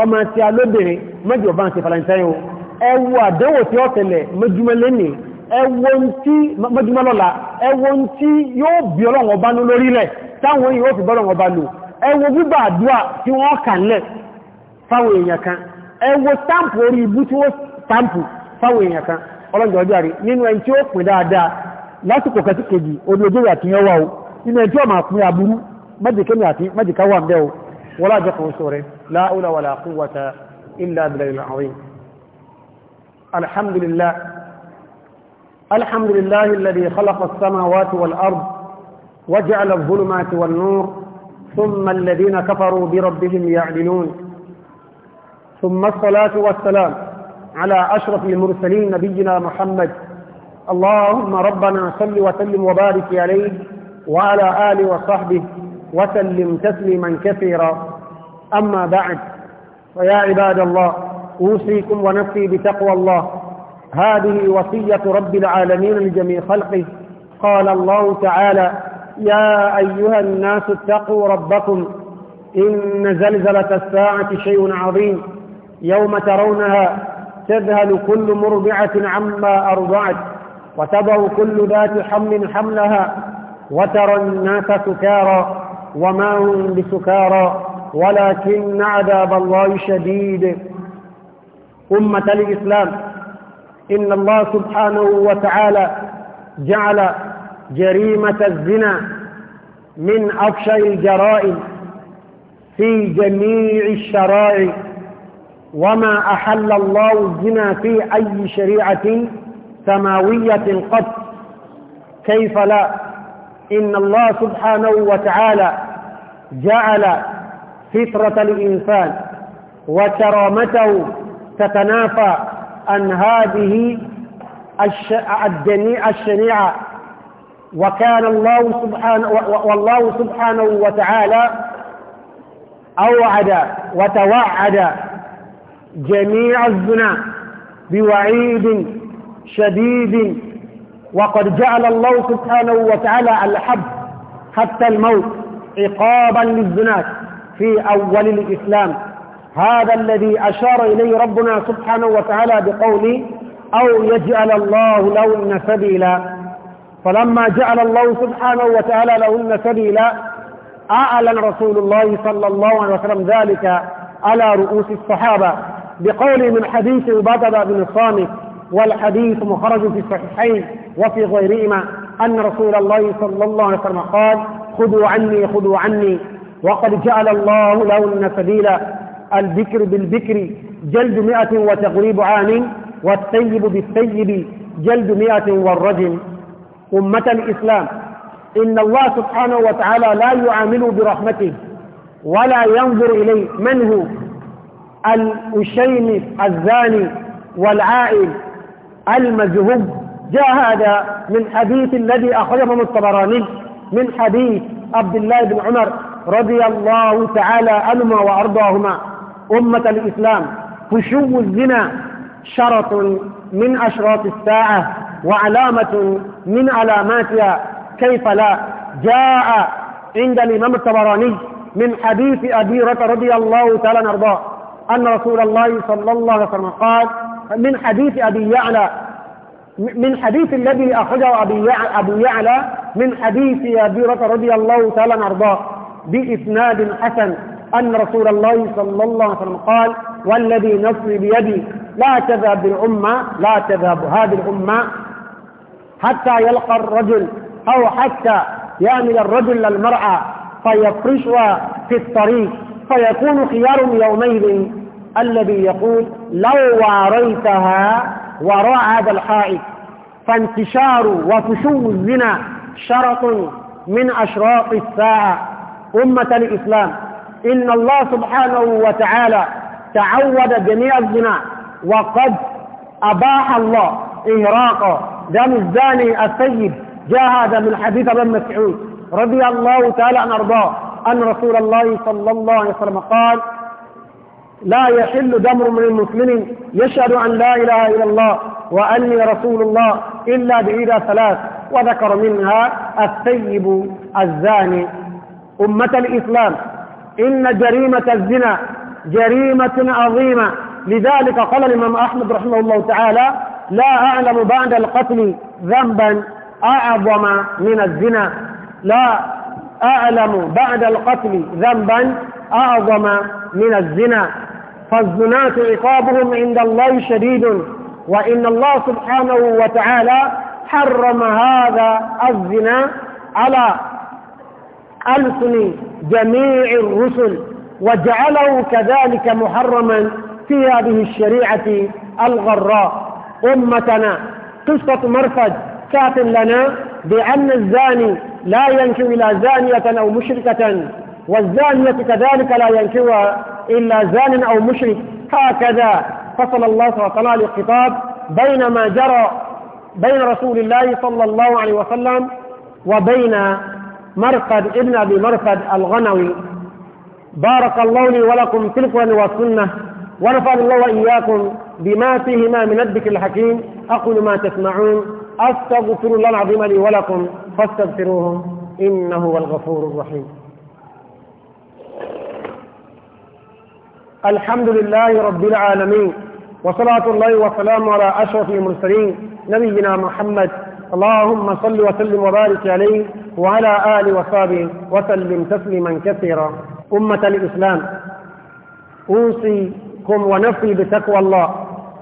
ọmọ tiwa lóbìnrin méjì ọba ti valentine o ewu àdẹ́wò tí ó tẹ̀lẹ̀ mẹ́júmẹ́lẹ́ ní ẹwọ tí mẹ́júmẹ́lọ́la ẹwọ tí yóò bí ọlọ́run ọba ní lórílẹ̀ táwọn èèyàn fi bọ́lọ́run ọba lò ẹwọ gbígbà àdúrà tí wọ́n kànlẹ̀ fáwọn èèyàn kan ẹwọ stampu orí ibú tí wọ́n stampu fáwọn o wọ́n lájọ́ kan sọ rẹ̀ الحمد لله الحمد لله الذي خلق السماوات والأرض وجعل الظلمات والنور ثم الذين كفروا بربهم يعدلون ثم الصلاة والسلام على أشرف المرسلين نبينا محمد اللهم ربنا صل وسلم وبارك عليه وعلى آله وصحبه وسلم تسليما كثيرا أما بعد فيا عباد الله أوصيكم ونفسي بتقوى الله هذه وصية رب العالمين لجميع خلقه قال الله تعالى يا أيها الناس اتقوا ربكم إن زلزلة الساعة شيء عظيم يوم ترونها تذهل كل مربعة عما أرضعت وتضع كل ذات حمل حملها وترى الناس سكارى وما هم بسكارى ولكن عذاب الله شديد أمة الإسلام إن الله سبحانه وتعالى جعل جريمة الزنا من أفشى الجرائم في جميع الشرائع وما أحل الله الزنا في أي شريعة سماوية قط كيف لا إن الله سبحانه وتعالى جعل فطرة الإنسان وكرامته تتنافى عن هذه الشنيعة وكان الله سبحانه والله سبحانه وتعالى أوعد وتوعد جميع الزنا بوعيد شديد وقد جعل الله سبحانه وتعالى الحب حتى الموت عقابا للزنا في أول الإسلام هذا الذي أشار إليه ربنا سبحانه وتعالى بقوله أو يجعل الله لهن سبيلا فلما جعل الله سبحانه وتعالى لهن سبيلا أعلن رسول الله صلى الله عليه وسلم ذلك على رؤوس الصحابة بقول من حديث عبادة بن الصامت والحديث مخرج في الصحيحين وفي غيرهما أن رسول الله صلى الله عليه وسلم قال خذوا عني خذوا عني وقد جعل الله لهن سبيلا البكر بالبكر جلد مئة وتغريب عام والطيب بالطيب جلد مئة والرجل أمة الإسلام إن الله سبحانه وتعالى لا يعامل برحمته ولا ينظر إليه من هو الأشيم الزاني والعائل المذهب جاء هذا من حديث الذي أخرجه الطبراني من حديث عبد الله بن عمر رضي الله تعالى عنهما وأرضاهما أمة الإسلام فشو الزنا شرط من أشراط الساعة وعلامة من علاماتها كيف لا جاء عند الإمام الطبراني من حديث أبيرة رضي الله تعالى نرضاه أن رسول الله صلى الله عليه وسلم قال من حديث أبي يعلى من حديث الذي أخرجه أبي يعلى, أبي يعلى من حديث أبيرة رضي الله تعالى أرضاه بإسناد حسن أن رسول الله صلى الله عليه وسلم قال والذي نفسي بيدي لا تذهب الأمة لا تذهب هذه الأمة حتى يلقى الرجل أو حتى يأمل الرجل للمرأة فيفرشها في الطريق فيكون خيار يومئذ الذي يقول لو واريتها وراء هذا الحائط فانتشار وفشو الزنا شرط من أشراط الساعة أمة الإسلام إن الله سبحانه وتعالى تعود جميع الزنا وقد أباح الله إهراق دم الزاني السيد جاء هذا من حديث ابن مسعود رضي الله تعالى عن أرضاه أن رسول الله صلى الله عليه وسلم قال لا يحل دمر من المسلم يشهد أن لا إله إلا الله وأني رسول الله إلا بإذا ثلاث وذكر منها السيب الزاني أمة الإسلام إن جريمة الزنا جريمة عظيمة لذلك قال الإمام أحمد رحمه الله تعالى لا أعلم بعد القتل ذنبا أعظم من الزنا لا أعلم بعد القتل ذنبا أعظم من الزنا فالزناة عقابهم عند الله شديد وإن الله سبحانه وتعالى حرم هذا الزنا على ألسن جميع الرسل وجعله كذلك محرما في هذه الشريعة الغراء أمتنا قصة مرفد كات لنا بأن الزاني لا ينكو إلى زانية أو مشركة والزانية كذلك لا ينكو إلا زان أو مشرك هكذا فصل الله صلى الله عليه الخطاب بين ما جرى بين رسول الله صلى الله عليه وسلم وبين مرقد ابن أبي مرقد الغنوي بارك الله لي ولكم في القرآن والسنة ونفعل الله وإياكم بما فيهما من الذكر الحكيم أقول ما تسمعون أستغفر الله العظيم لي ولكم فاستغفروه إنه هو الغفور الرحيم الحمد لله رب العالمين وصلاة الله وسلامه على أشرف المرسلين نبينا محمد اللهم صل وسلم وبارك عليه وعلى آله وصحبه وسلم تسليما كثيرا أمة الإسلام أوصيكم ونفسي بتقوى الله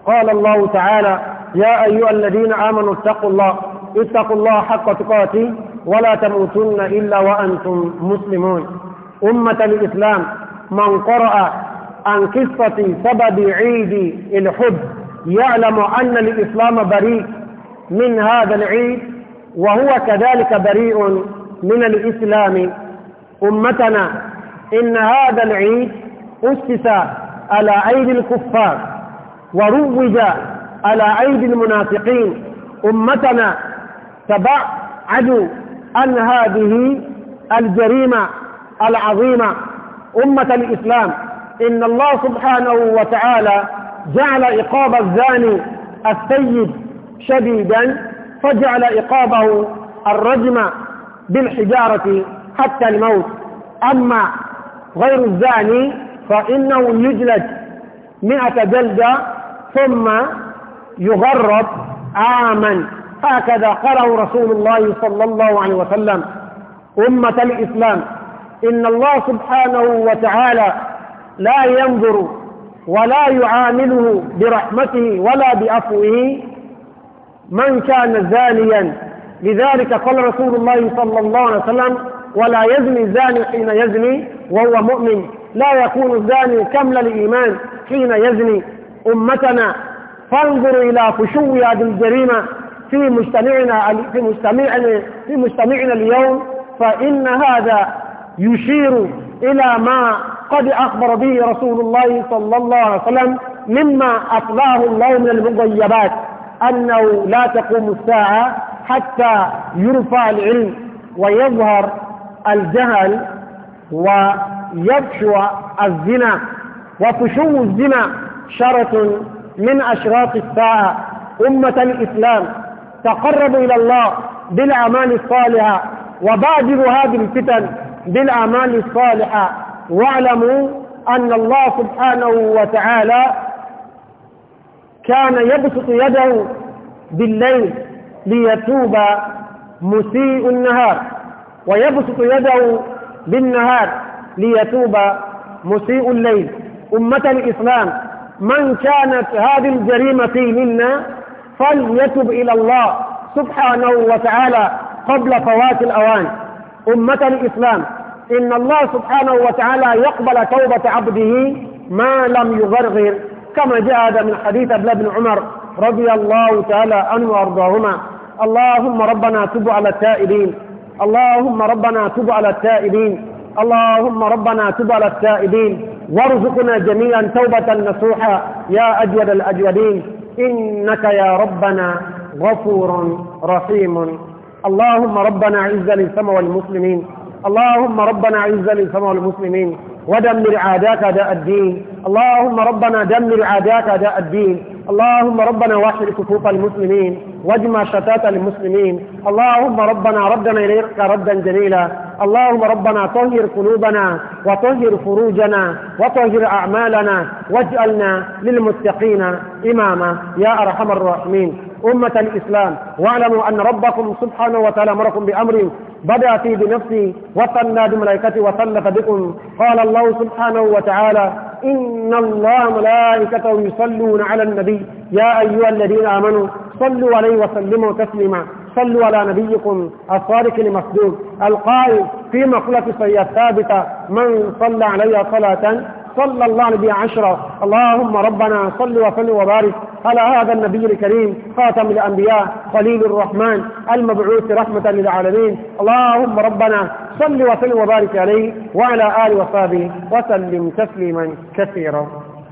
قال الله تعالى يا أيها الذين آمنوا اتقوا الله اتقوا الله حق تقاته ولا تموتن إلا وأنتم مسلمون أمة الإسلام من قرأ عن قصة سبب عيد الحب يعلم أن الإسلام بريء من هذا العيد وهو كذلك بريء من الإسلام أمتنا إن هذا العيد أسس على أيدي الكفار وروج على أيدي المنافقين أمتنا تبعدوا عن هذه الجريمة العظيمة أمة الإسلام إن الله سبحانه وتعالى جعل إقاب الزاني السيد شديدا فجعل إقابه الرجم بالحجارة حتى الموت أما غير الزاني فإنه يجلد مئة جلدة ثم يغرب عاما هكذا قرأ رسول الله صلى الله عليه وسلم أمة الإسلام إن الله سبحانه وتعالى لا ينظر ولا يعامله برحمته ولا بأفوه من كان زانيا لذلك قال رسول الله صلى الله عليه وسلم ولا يزني زاني حين يزني وهو مؤمن لا يكون الزاني كمل الإيمان حين يزني أمتنا فانظروا إلى فشو هذه الجريمة في مجتمعنا في مجتمعنا في مجتمعنا اليوم فإن هذا يشير إلى ما قد أخبر به رسول الله صلى الله عليه وسلم مما أطلاه الله من المغيبات أنه لا تقوم الساعة حتى يرفع العلم ويظهر الجهل ويفشو الزنا وفشو الزنا شرط من أشراط الساعة أمة الإسلام تقربوا إلى الله بالأعمال الصالحة وبادروا هذه الفتن بالأعمال الصالحة واعلموا أن الله سبحانه وتعالى كان يبسط يده بالليل ليتوب مسيء النهار ويبسط يده بالنهار ليتوب مسيء الليل أمة الإسلام من كانت هذه الجريمة منا فليتب إلى الله سبحانه وتعالى قبل فوات الأوان أمة الإسلام إن الله سبحانه وتعالى يقبل توبة عبده ما لم يغرغر كما جاء هذا من حديث أبلا بن عمر رضي الله تعالى عنه وأرضاهما اللهم ربنا تب على التائبين اللهم ربنا تب على التائبين اللهم ربنا تب على التائبين وارزقنا جميعا توبة نصوحا يا أجود الأجودين إنك يا ربنا غفور رحيم اللهم ربنا عز للسماء والمسلمين اللهم ربنا عز للسماء والمسلمين ودمر عاداك داء الدين اللهم ربنا دمر عاداك داء الدين اللهم ربنا وحد كفوف المسلمين واجمع شتات المسلمين اللهم ربنا ردنا إليك ردا جليلا اللهم ربنا طهر قلوبنا وطهر فروجنا وطهر أعمالنا واجعلنا للمتقين إماما يا أرحم الراحمين أمة الإسلام واعلموا أن ربكم سبحانه وتعالى أمركم بأمر بدأ في بنفسه وصلى بملائكته وصلى بكم قال الله سبحانه وتعالى إن الله ملائكته يصلون على النبي يا أيها الذين آمنوا صلوا عليه وسلموا تسليما صلوا على نبيكم الصادق المصدوق القائل في مقولة سيئة ثابتة من صلى عليها صلاة صلى الله عليه عشرة اللهم ربنا صل وسلم وبارك على هذا النبي الكريم خاتم الأنبياء خليل الرحمن المبعوث رحمة للعالمين اللهم ربنا صل وسلم وبارك عليه وعلى آله وصحبه وسلم تسليما كثيرا